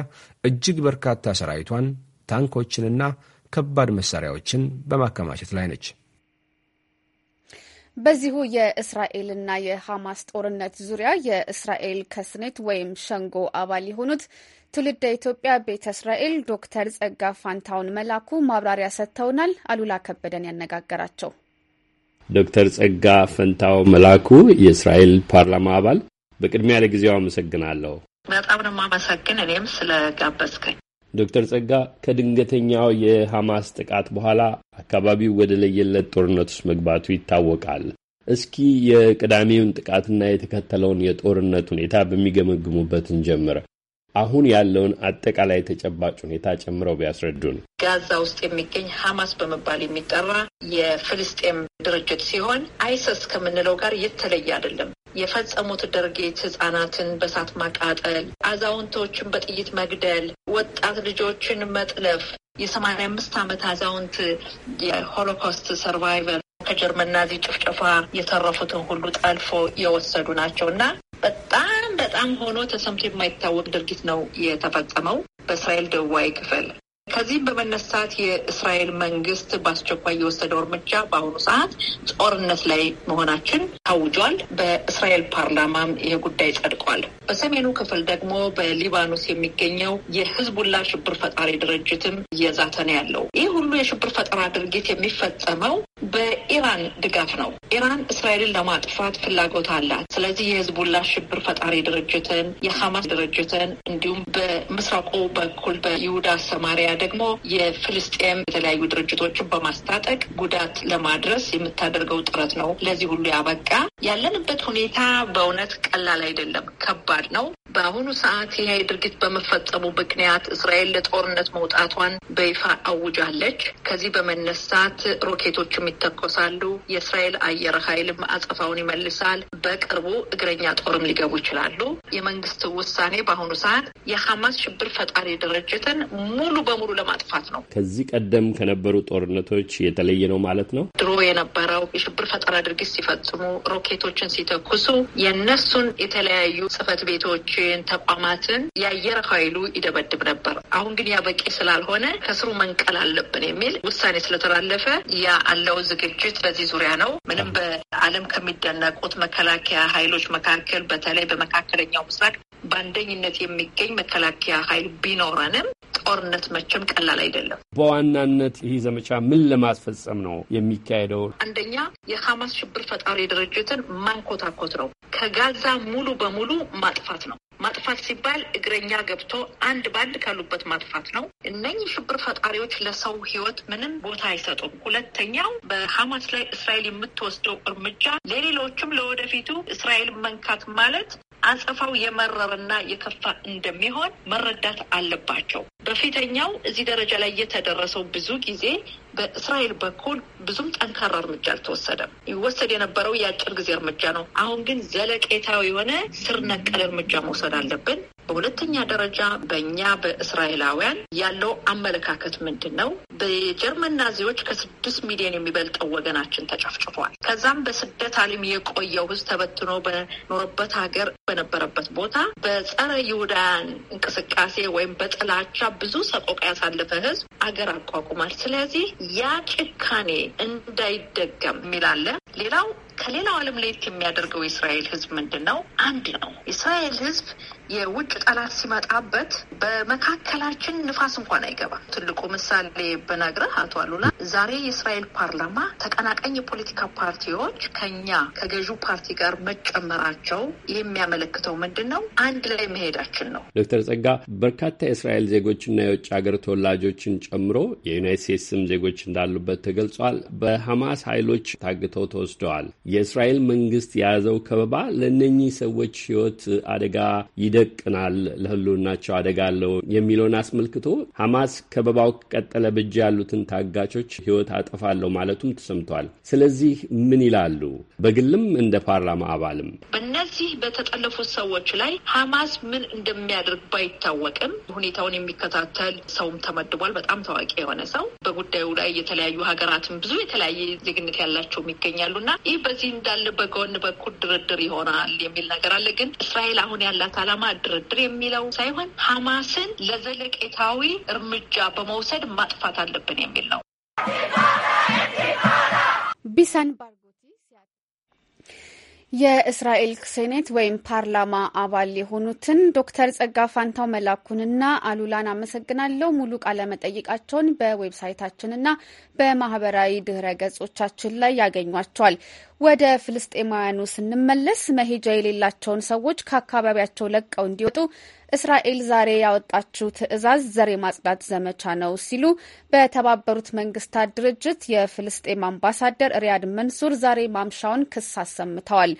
እጅግ በርካታ ሰራዊቷን፣ ታንኮችንና ከባድ መሣሪያዎችን በማከማቸት ላይ ነች። በዚሁ የእስራኤልና የሐማስ ጦርነት ዙሪያ የእስራኤል ከስኔት ወይም ሸንጎ አባል የሆኑት ትውልደ ኢትዮጵያ ቤተ እስራኤል ዶክተር ጸጋ ፋንታውን መላኩ ማብራሪያ ሰጥተውናል። አሉላ ከበደን ያነጋገራቸው ዶክተር ጸጋ ፈንታው መላኩ የእስራኤል ፓርላማ አባል፣ በቅድሚያ ለጊዜው አመሰግናለሁ። በጣም ነው የማመሰግን እኔም ስለጋበዝከኝ። ዶክተር ጸጋ ከድንገተኛው የሐማስ ጥቃት በኋላ አካባቢው ወደ ለየለት ጦርነት ውስጥ መግባቱ ይታወቃል። እስኪ የቅዳሜውን ጥቃትና የተከተለውን የጦርነት ሁኔታ በሚገመግሙበት እንጀምር። አሁን ያለውን አጠቃላይ ተጨባጭ ሁኔታ ጨምረው ቢያስረዱን። ጋዛ ውስጥ የሚገኝ ሀማስ በመባል የሚጠራ የፍልስጤም ድርጅት ሲሆን አይሰስ ከምንለው ጋር የተለየ አይደለም። የፈጸሙት ድርጊት ህጻናትን በሳት ማቃጠል፣ አዛውንቶችን በጥይት መግደል፣ ወጣት ልጆችን መጥለፍ፣ የሰማንያ አምስት ዓመት አዛውንት የሆሎኮስት ሰርቫይቨር ከጀርመን ናዚ ጭፍጨፋ የተረፉትን ሁሉ ጠልፎ የወሰዱ ናቸው እና በጣም በጣም ሆኖ ተሰምቶ የማይታወቅ ድርጊት ነው የተፈጸመው በእስራኤል ደቡባዊ ክፍል። ከዚህም በመነሳት የእስራኤል መንግስት በአስቸኳይ የወሰደው እርምጃ በአሁኑ ሰዓት ጦርነት ላይ መሆናችን ታውጇል። በእስራኤል ፓርላማም ይህ ጉዳይ ጸድቋል። በሰሜኑ ክፍል ደግሞ በሊባኖስ የሚገኘው የህዝቡላ ሽብር ፈጣሪ ድርጅትም እየዛተ ነው ያለው። ይህ ሁሉ የሽብር ፈጠራ ድርጊት የሚፈጸመው በኢራን ድጋፍ ነው። ኢራን እስራኤልን ለማጥፋት ፍላጎት አላት። ስለዚህ የህዝቡላ ሽብር ፈጣሪ ድርጅትን፣ የሐማስ ድርጅትን እንዲሁም በምስራቁ በኩል በይሁዳ ሰማሪያ ደግሞ የፍልስጤም የተለያዩ ድርጅቶችን በማስታጠቅ ጉዳት ለማድረስ የምታደርገው ጥረት ነው ለዚህ ሁሉ ያበቃ። ያለንበት ሁኔታ በእውነት ቀላል አይደለም፣ ከባድ ነው። በአሁኑ ሰዓት ይሄ ድርጊት በመፈጸሙ ምክንያት እስራኤል ለጦርነት መውጣቷን በይፋ አውጃለች። ከዚህ በመነሳት ሮኬቶችን ይተኮሳሉ። የእስራኤል አየር ኃይልም አጸፋውን ይመልሳል። በቅርቡ እግረኛ ጦርም ሊገቡ ይችላሉ። የመንግስት ውሳኔ በአሁኑ ሰዓት የሐማስ ሽብር ፈጣሪ ድርጅትን ሙሉ በሙሉ ለማጥፋት ነው። ከዚህ ቀደም ከነበሩ ጦርነቶች የተለየ ነው ማለት ነው። ድሮ የነበረው የሽብር ፈጠራ ድርጊት ሲፈጽሙ፣ ሮኬቶችን ሲተኩሱ የእነሱን የተለያዩ ጽህፈት ቤቶችን፣ ተቋማትን የአየር ኃይሉ ይደበድብ ነበር። አሁን ግን ያ በቂ ስላልሆነ ከስሩ መንቀል አለብን የሚል ውሳኔ ስለተላለፈ ያ አለው የመጀመሪያው ዝግጅት በዚህ ዙሪያ ነው። ምንም በዓለም ከሚደነቁት መከላከያ ኃይሎች መካከል በተለይ በመካከለኛው ምስራቅ በአንደኝነት የሚገኝ መከላከያ ኃይል ቢኖረንም ጦርነት መቼም ቀላል አይደለም። በዋናነት ይህ ዘመቻ ምን ለማስፈጸም ነው የሚካሄደው? አንደኛ የሐማስ ሽብር ፈጣሪ ድርጅትን ማንኮታኮት ነው። ከጋዛ ሙሉ በሙሉ ማጥፋት ነው። ማጥፋት ሲባል እግረኛ ገብቶ አንድ በአንድ ካሉበት ማጥፋት ነው። እነኚህ ሽብር ፈጣሪዎች ለሰው ህይወት ምንም ቦታ አይሰጡም። ሁለተኛው በሐማስ ላይ እስራኤል የምትወስደው እርምጃ ለሌሎችም ለወደፊቱ እስራኤል መንካት ማለት አጸፋው የመረርና የከፋ እንደሚሆን መረዳት አለባቸው። በፊተኛው እዚህ ደረጃ ላይ የተደረሰው ብዙ ጊዜ በእስራኤል በኩል ብዙም ጠንካራ እርምጃ አልተወሰደም። ይወሰድ የነበረው የአጭር ጊዜ እርምጃ ነው። አሁን ግን ዘለቄታዊ የሆነ ስር ነቀል እርምጃ መውሰድ አለብን። በሁለተኛ ደረጃ በእኛ በእስራኤላውያን ያለው አመለካከት ምንድን ነው? በጀርመን ናዚዎች ከስድስት ሚሊዮን የሚበልጠው ወገናችን ተጨፍጭፏል። ከዛም በስደት ዓለም የቆየው ህዝብ ተበትኖ በኖረበት ሀገር በነበረበት ቦታ በጸረ ይሁዳያን እንቅስቃሴ ወይም በጥላቻ ብዙ ሰቆቃ ያሳለፈ ህዝብ አገር አቋቁማል። ስለዚህ ያ ጭካኔ እንዳይደገም የሚላለ ሌላው ከሌላው ዓለም ለየት የሚያደርገው የእስራኤል ህዝብ ምንድን ነው? አንድ ነው። የእስራኤል ህዝብ የውጭ ጠላት ሲመጣበት በመካከላችን ንፋስ እንኳን አይገባ። ትልቁ ምሳሌ ብነግርህ አቶ አሉላ ዛሬ የእስራኤል ፓርላማ ተቀናቃኝ የፖለቲካ ፓርቲዎች ከኛ ከገዢው ፓርቲ ጋር መጨመራቸው የሚያመለክተው ምንድን ነው? አንድ ላይ መሄዳችን ነው። ዶክተር ጸጋ በርካታ የእስራኤል ዜጎችና የውጭ ሀገር ተወላጆችን ጨምሮ የዩናይት ስቴትስም ዜጎች እንዳሉበት ተገልጿል። በሐማስ ኃይሎች ታግተው ተወስደዋል። የእስራኤል መንግስት የያዘው ከበባ ለእነኚህ ሰዎች ህይወት አደጋ ይደቅናል፣ ለህልውናቸው አደጋ አለው የሚለውን አስመልክቶ ሐማስ ከበባው ቀጠለ በእጅ ያሉትን ታጋቾች ህይወት አጠፋለሁ ማለቱም ተሰምቷል። ስለዚህ ምን ይላሉ? በግልም እንደ ፓርላማ አባልም በእነዚህ በተጠለፉት ሰዎች ላይ ሐማስ ምን እንደሚያደርግ ባይታወቅም ሁኔታውን የሚከታተል ሰውም ተመድቧል። በጣም ታዋቂ የሆነ ሰው በጉዳዩ ላይ የተለያዩ ሀገራትም ብዙ የተለያየ ዜግነት ያላቸውም ይገኛሉ እና ይህ በዚህ እንዳለ በጎን በኩል ድርድር ይሆናል የሚል ነገር አለ። ግን እስራኤል አሁን ያላት አላማ የማን ድርድር የሚለው ሳይሆን ሀማስን ለዘለቄታዊ እርምጃ በመውሰድ ማጥፋት አለብን የሚል ነው። የእስራኤል ሴኔት ወይም ፓርላማ አባል የሆኑትን ዶክተር ጸጋ ፋንታው መላኩንና አሉላን አመሰግናለሁ። ሙሉ ቃለመጠይቃቸውን በዌብሳይታችንና በማህበራዊ ድህረ ገጾቻችን ላይ ያገኟቸዋል። ወደ ፍልስጤማውያኑ ስንመለስ መሄጃ የሌላቸውን ሰዎች ከአካባቢያቸው ለቀው እንዲወጡ እስራኤል ዛሬ ያወጣችው ትዕዛዝ ዘር የማጽዳት ዘመቻ ነው ሲሉ በተባበሩት መንግስታት ድርጅት የፍልስጤም አምባሳደር ሪያድ መንሱር ዛሬ ማምሻውን ክስ አሰምተዋል።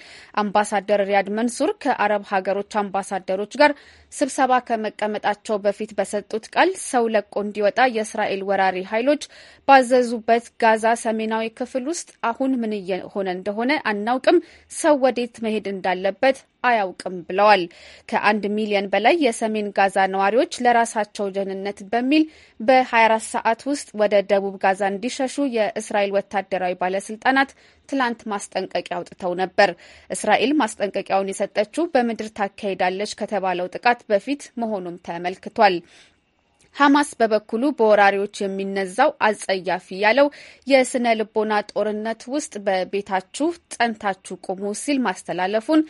አምባሳደር ሪያድ መንሱር ከአረብ ሀገሮች አምባሳደሮች ጋር ስብሰባ ከመቀመጣቸው በፊት በሰጡት ቃል ሰው ለቆ እንዲወጣ የእስራኤል ወራሪ ኃይሎች ባዘዙበት ጋዛ ሰሜናዊ ክፍል ውስጥ አሁን ምን እየሆነ እንደሆነ አናውቅም። ሰው ወዴት መሄድ እንዳለበት አያውቅም ብለዋል። ከአንድ ሚሊዮን በላይ የሰሜን ጋዛ ነዋሪዎች ለራሳቸው ደህንነት በሚል በ24 ሰዓት ውስጥ ወደ ደቡብ ጋዛ እንዲሸሹ የእስራኤል ወታደራዊ ባለስልጣናት ትላንት ማስጠንቀቂያ አውጥተው ነበር። እስራኤል ማስጠንቀቂያውን የሰጠችው በምድር ታካሂዳለች ከተባለው ጥቃት በፊት መሆኑም ተመልክቷል። ሐማስ በበኩሉ በወራሪዎች የሚነዛው አጸያፊ ያለው የስነ ልቦና ጦርነት ውስጥ በቤታችሁ ጸንታችሁ ቁሙ ሲል ማስተላለፉን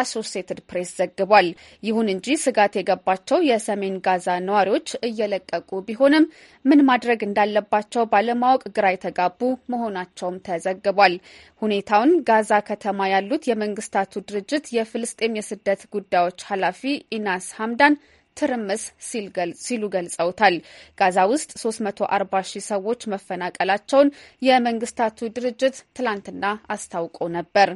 አሶሴትድ ፕሬስ ዘግቧል። ይሁን እንጂ ስጋት የገባቸው የሰሜን ጋዛ ነዋሪዎች እየለቀቁ ቢሆንም ምን ማድረግ እንዳለባቸው ባለማወቅ ግራ የተጋቡ መሆናቸውም ተዘግቧል። ሁኔታውን ጋዛ ከተማ ያሉት የመንግስታቱ ድርጅት የፍልስጤም የስደት ጉዳዮች ኃላፊ ኢናስ ሀምዳን ትርምስ ሲሉ ገልጸውታል። ጋዛ ውስጥ 340 ሺህ ሰዎች መፈናቀላቸውን የመንግስታቱ ድርጅት ትላንትና አስታውቆ ነበር።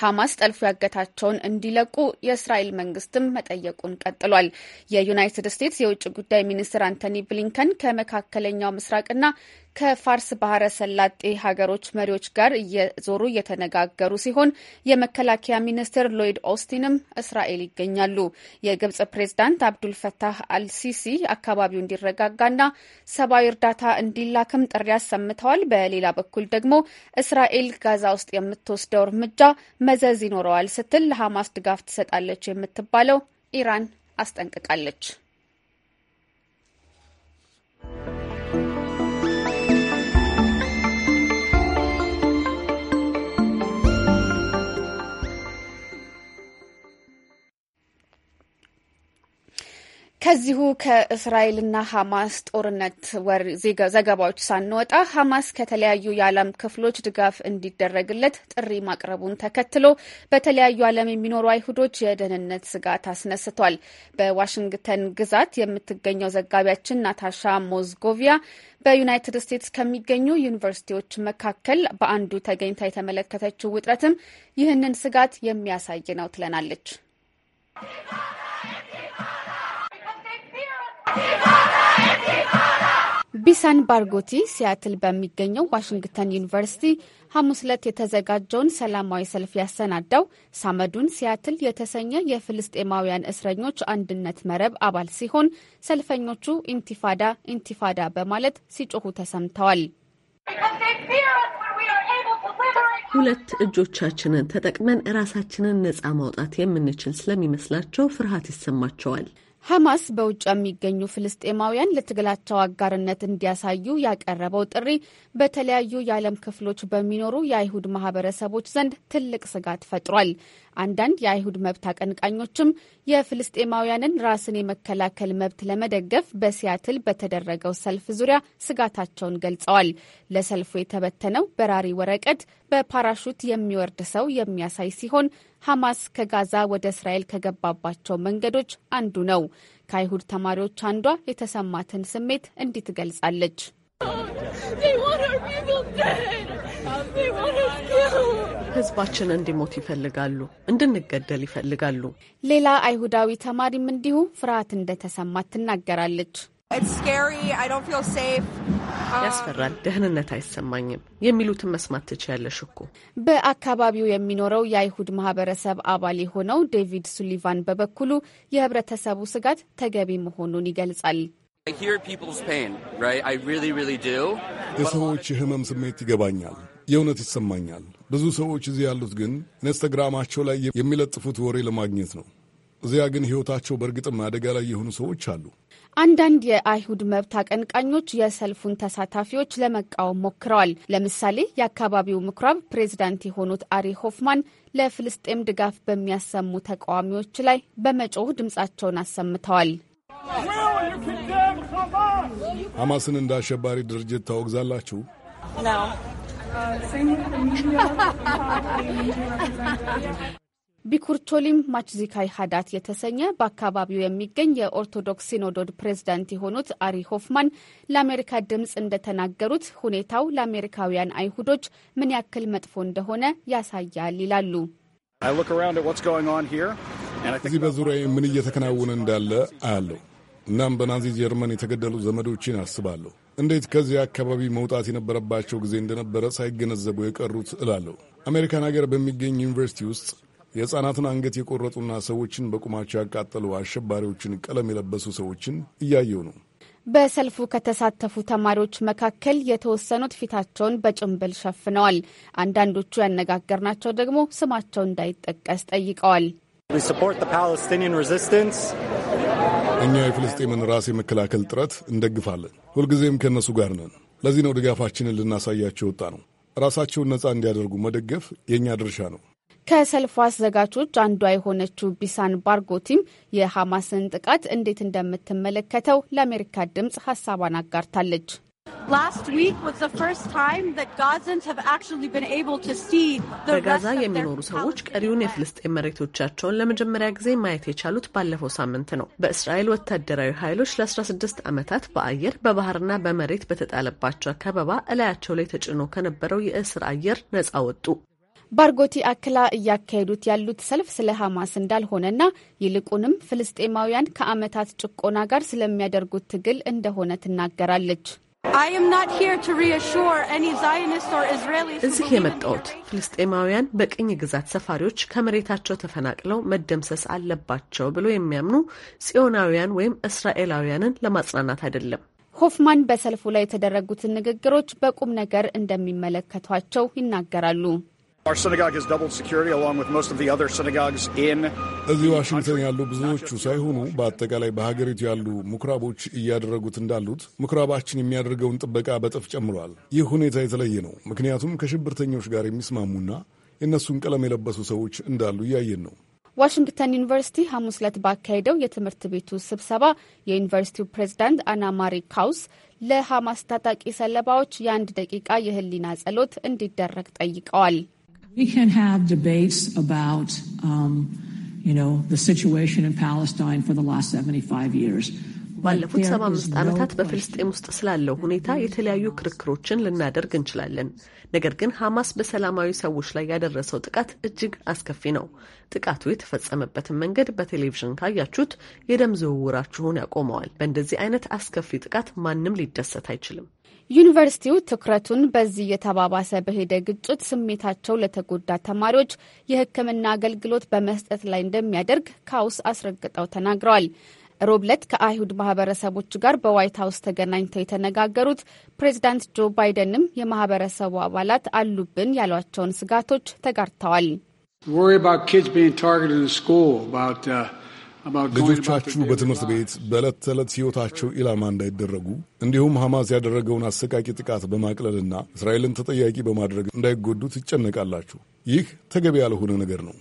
ሐማስ ጠልፎ ያገታቸውን እንዲለቁ የእስራኤል መንግስትም መጠየቁን ቀጥሏል። የዩናይትድ ስቴትስ የውጭ ጉዳይ ሚኒስትር አንቶኒ ብሊንከን ከመካከለኛው ምስራቅና ከፋርስ ባህረ ሰላጤ ሀገሮች መሪዎች ጋር እየዞሩ እየተነጋገሩ ሲሆን የመከላከያ ሚኒስትር ሎይድ ኦስቲንም እስራኤል ይገኛሉ። የግብጽ ፕሬዝዳንት አብዱልፈታህ አልሲሲ አካባቢው እንዲረጋጋና ሰብአዊ እርዳታ እንዲላክም ጥሪ አሰምተዋል። በሌላ በኩል ደግሞ እስራኤል ጋዛ ውስጥ የምትወስደው እርምጃ መዘዝ ይኖረዋል ስትል ለሐማስ ድጋፍ ትሰጣለች የምትባለው ኢራን አስጠንቅቃለች። ከዚሁ ከእስራኤልና ሐማስ ጦርነት ወር ዘገባዎች ሳንወጣ ሐማስ ከተለያዩ የዓለም ክፍሎች ድጋፍ እንዲደረግለት ጥሪ ማቅረቡን ተከትሎ በተለያዩ ዓለም የሚኖሩ አይሁዶች የደህንነት ስጋት አስነስቷል። በዋሽንግተን ግዛት የምትገኘው ዘጋቢያችን ናታሻ ሞዝጎቪያ በዩናይትድ ስቴትስ ከሚገኙ ዩኒቨርሲቲዎች መካከል በአንዱ ተገኝታ የተመለከተችው ውጥረትም ይህንን ስጋት የሚያሳይ ነው ትለናለች። ቢሰን ባርጎቲ ሲያትል በሚገኘው ዋሽንግተን ዩኒቨርሲቲ ሐሙስ ዕለት የተዘጋጀውን ሰላማዊ ሰልፍ ያሰናዳው ሳመዱን ሲያትል የተሰኘ የፍልስጤማውያን እስረኞች አንድነት መረብ አባል ሲሆን ሰልፈኞቹ ኢንቲፋዳ ኢንቲፋዳ በማለት ሲጮሁ ተሰምተዋል። ሁለት እጆቻችንን ተጠቅመን ራሳችንን ነፃ ማውጣት የምንችል ስለሚመስላቸው ፍርሃት ይሰማቸዋል። ሐማስ በውጭ የሚገኙ ፍልስጤማውያን ለትግላቸው አጋርነት እንዲያሳዩ ያቀረበው ጥሪ በተለያዩ የዓለም ክፍሎች በሚኖሩ የአይሁድ ማህበረሰቦች ዘንድ ትልቅ ስጋት ፈጥሯል። አንዳንድ የአይሁድ መብት አቀንቃኞችም የፍልስጤማውያንን ራስን የመከላከል መብት ለመደገፍ በሲያትል በተደረገው ሰልፍ ዙሪያ ስጋታቸውን ገልጸዋል። ለሰልፉ የተበተነው በራሪ ወረቀት በፓራሹት የሚወርድ ሰው የሚያሳይ ሲሆን ሐማስ ከጋዛ ወደ እስራኤል ከገባባቸው መንገዶች አንዱ ነው። ከአይሁድ ተማሪዎች አንዷ የተሰማትን ስሜት እንዲህ ትገልጻለች። ህዝባችን እንዲሞት ይፈልጋሉ፣ እንድንገደል ይፈልጋሉ። ሌላ አይሁዳዊ ተማሪም እንዲሁ ፍርሃት እንደተሰማ ትናገራለች። ያስፈራል፣ ደህንነት አይሰማኝም የሚሉትን መስማት ትችያለሽ እኮ። በአካባቢው የሚኖረው የአይሁድ ማህበረሰብ አባል የሆነው ዴቪድ ሱሊቫን በበኩሉ የህብረተሰቡ ስጋት ተገቢ መሆኑን ይገልጻል። የሰዎች የህመም ስሜት ይገባኛል የእውነት ይሰማኛል። ብዙ ሰዎች እዚህ ያሉት ግን ኢንስተግራማቸው ላይ የሚለጥፉት ወሬ ለማግኘት ነው። እዚያ ግን ሕይወታቸው በእርግጥም አደጋ ላይ የሆኑ ሰዎች አሉ። አንዳንድ የአይሁድ መብት አቀንቃኞች የሰልፉን ተሳታፊዎች ለመቃወም ሞክረዋል። ለምሳሌ የአካባቢው ምኩራብ ፕሬዝዳንት የሆኑት አሪ ሆፍማን ለፍልስጤም ድጋፍ በሚያሰሙ ተቃዋሚዎች ላይ በመጮህ ድምፃቸውን አሰምተዋል። ሐማስን እንደ አሸባሪ ድርጅት ታወግዛላችሁ? ቢኩርቾሊም ማችዚካይ ሀዳት የተሰኘ በአካባቢው የሚገኝ የኦርቶዶክስ ሲኖዶድ ፕሬዝዳንት የሆኑት አሪ ሆፍማን ለአሜሪካ ድምፅ እንደተናገሩት ሁኔታው ለአሜሪካውያን አይሁዶች ምን ያክል መጥፎ እንደሆነ ያሳያል ይላሉ። እዚህ በዙሪያ ምን እየተከናወነ እንዳለ አያለሁ። እናም በናዚ ጀርመን የተገደሉ ዘመዶችን አስባለሁ። እንዴት ከዚህ አካባቢ መውጣት የነበረባቸው ጊዜ እንደነበረ ሳይገነዘቡ የቀሩት እላለሁ። አሜሪካን ሀገር በሚገኝ ዩኒቨርሲቲ ውስጥ የሕፃናትን አንገት የቆረጡና ሰዎችን በቁማቸው ያቃጠሉ አሸባሪዎችን ቀለም የለበሱ ሰዎችን እያየው ነው። በሰልፉ ከተሳተፉ ተማሪዎች መካከል የተወሰኑት ፊታቸውን በጭንብል ሸፍነዋል። አንዳንዶቹ ያነጋገርናቸው ደግሞ ስማቸው እንዳይጠቀስ ጠይቀዋል። እኛ የፍልስጤምን ራስ የመከላከል ጥረት እንደግፋለን። ሁልጊዜም ከእነሱ ጋር ነን። ለዚህ ነው ድጋፋችንን ልናሳያቸው ወጣ ነው። ራሳቸውን ነፃ እንዲያደርጉ መደገፍ የእኛ ድርሻ ነው። ከሰልፉ አዘጋጆች አንዷ የሆነችው ቢሳን ባርጎቲም የሐማስን ጥቃት እንዴት እንደምትመለከተው ለአሜሪካ ድምፅ ሀሳቧን አጋርታለች። በጋዛ የሚኖሩ ሰዎች ቀሪውን የፍልስጤን መሬቶቻቸውን ለመጀመሪያ ጊዜ ማየት የቻሉት ባለፈው ሳምንት ነው። በእስራኤል ወታደራዊ ኃይሎች ለ16 ዓመታት በአየር በባህርና በመሬት በተጣለባቸው ከበባ እላያቸው ላይ ተጭኖ ከነበረው የእስር አየር ነጻ ወጡ። ባርጎቲ አክላ እያካሄዱት ያሉት ሰልፍ ስለ ሐማስ እንዳልሆነና ይልቁንም ፍልስጤማውያን ከዓመታት ጭቆና ጋር ስለሚያደርጉት ትግል እንደሆነ ትናገራለች። እዚህ የመጣሁት ፍልስጤማውያን በቅኝ ግዛት ሰፋሪዎች ከመሬታቸው ተፈናቅለው መደምሰስ አለባቸው ብሎ የሚያምኑ ጽዮናውያን ወይም እስራኤላውያንን ለማጽናናት አይደለም። ሆፍማን በሰልፉ ላይ የተደረጉትን ንግግሮች በቁም ነገር እንደሚመለከቷቸው ይናገራሉ። እዚህ ዋሽንግተን ያሉ ብዙዎቹ ሳይሆኑ በአጠቃላይ በሀገሪቱ ያሉ ምኩራቦች እያደረጉት እንዳሉት ምኩራባችን የሚያደርገውን ጥበቃ በጥፍ ጨምሯል። ይህ ሁኔታ የተለየ ነው፣ ምክንያቱም ከሽብርተኞች ጋር የሚስማሙና የእነሱን ቀለም የለበሱ ሰዎች እንዳሉ እያየን ነው። ዋሽንግተን ዩኒቨርሲቲ ሐሙስ ዕለት ባካሄደው የትምህርት ቤቱ ስብሰባ የዩኒቨርሲቲው ፕሬዝዳንት አናማሪ ካውስ ለሐማስ ታጣቂ ሰለባዎች የአንድ ደቂቃ የህሊና ጸሎት እንዲደረግ ጠይቀዋል። We can have debates about, um, you know, the situation in Palestine for the last 75 years. ባለፉት 75 ዓመታት በፍልስጤም ውስጥ ስላለው ሁኔታ የተለያዩ ክርክሮችን ልናደርግ እንችላለን። ነገር ግን ሐማስ በሰላማዊ ሰዎች ላይ ያደረሰው ጥቃት እጅግ አስከፊ ነው። ጥቃቱ የተፈጸመበትን መንገድ በቴሌቪዥን ካያችሁት የደም ዝውውራችሁን ያቆመዋል። በእንደዚህ አይነት አስከፊ ጥቃት ማንም ሊደሰት አይችልም። ዩኒቨርሲቲው ትኩረቱን በዚህ የተባባሰ በሄደ ግጭት ስሜታቸው ለተጎዳ ተማሪዎች የሕክምና አገልግሎት በመስጠት ላይ እንደሚያደርግ ካውስ አስረግጠው ተናግረዋል። ሮብለት ከአይሁድ ማህበረሰቦች ጋር በዋይት ሀውስ ተገናኝተው የተነጋገሩት ፕሬዚዳንት ጆ ባይደንም የማህበረሰቡ አባላት አሉብን ያሏቸውን ስጋቶች ተጋርተዋል። ልጆቻችሁ በትምህርት ቤት በዕለት ተዕለት ሕይወታቸው ኢላማ እንዳይደረጉ እንዲሁም ሐማስ ያደረገውን አሰቃቂ ጥቃት በማቅለልና እስራኤልን ተጠያቂ በማድረግ እንዳይጎዱ ትጨነቃላችሁ። ይህ ተገቢ ያልሆነ ነገር ነው።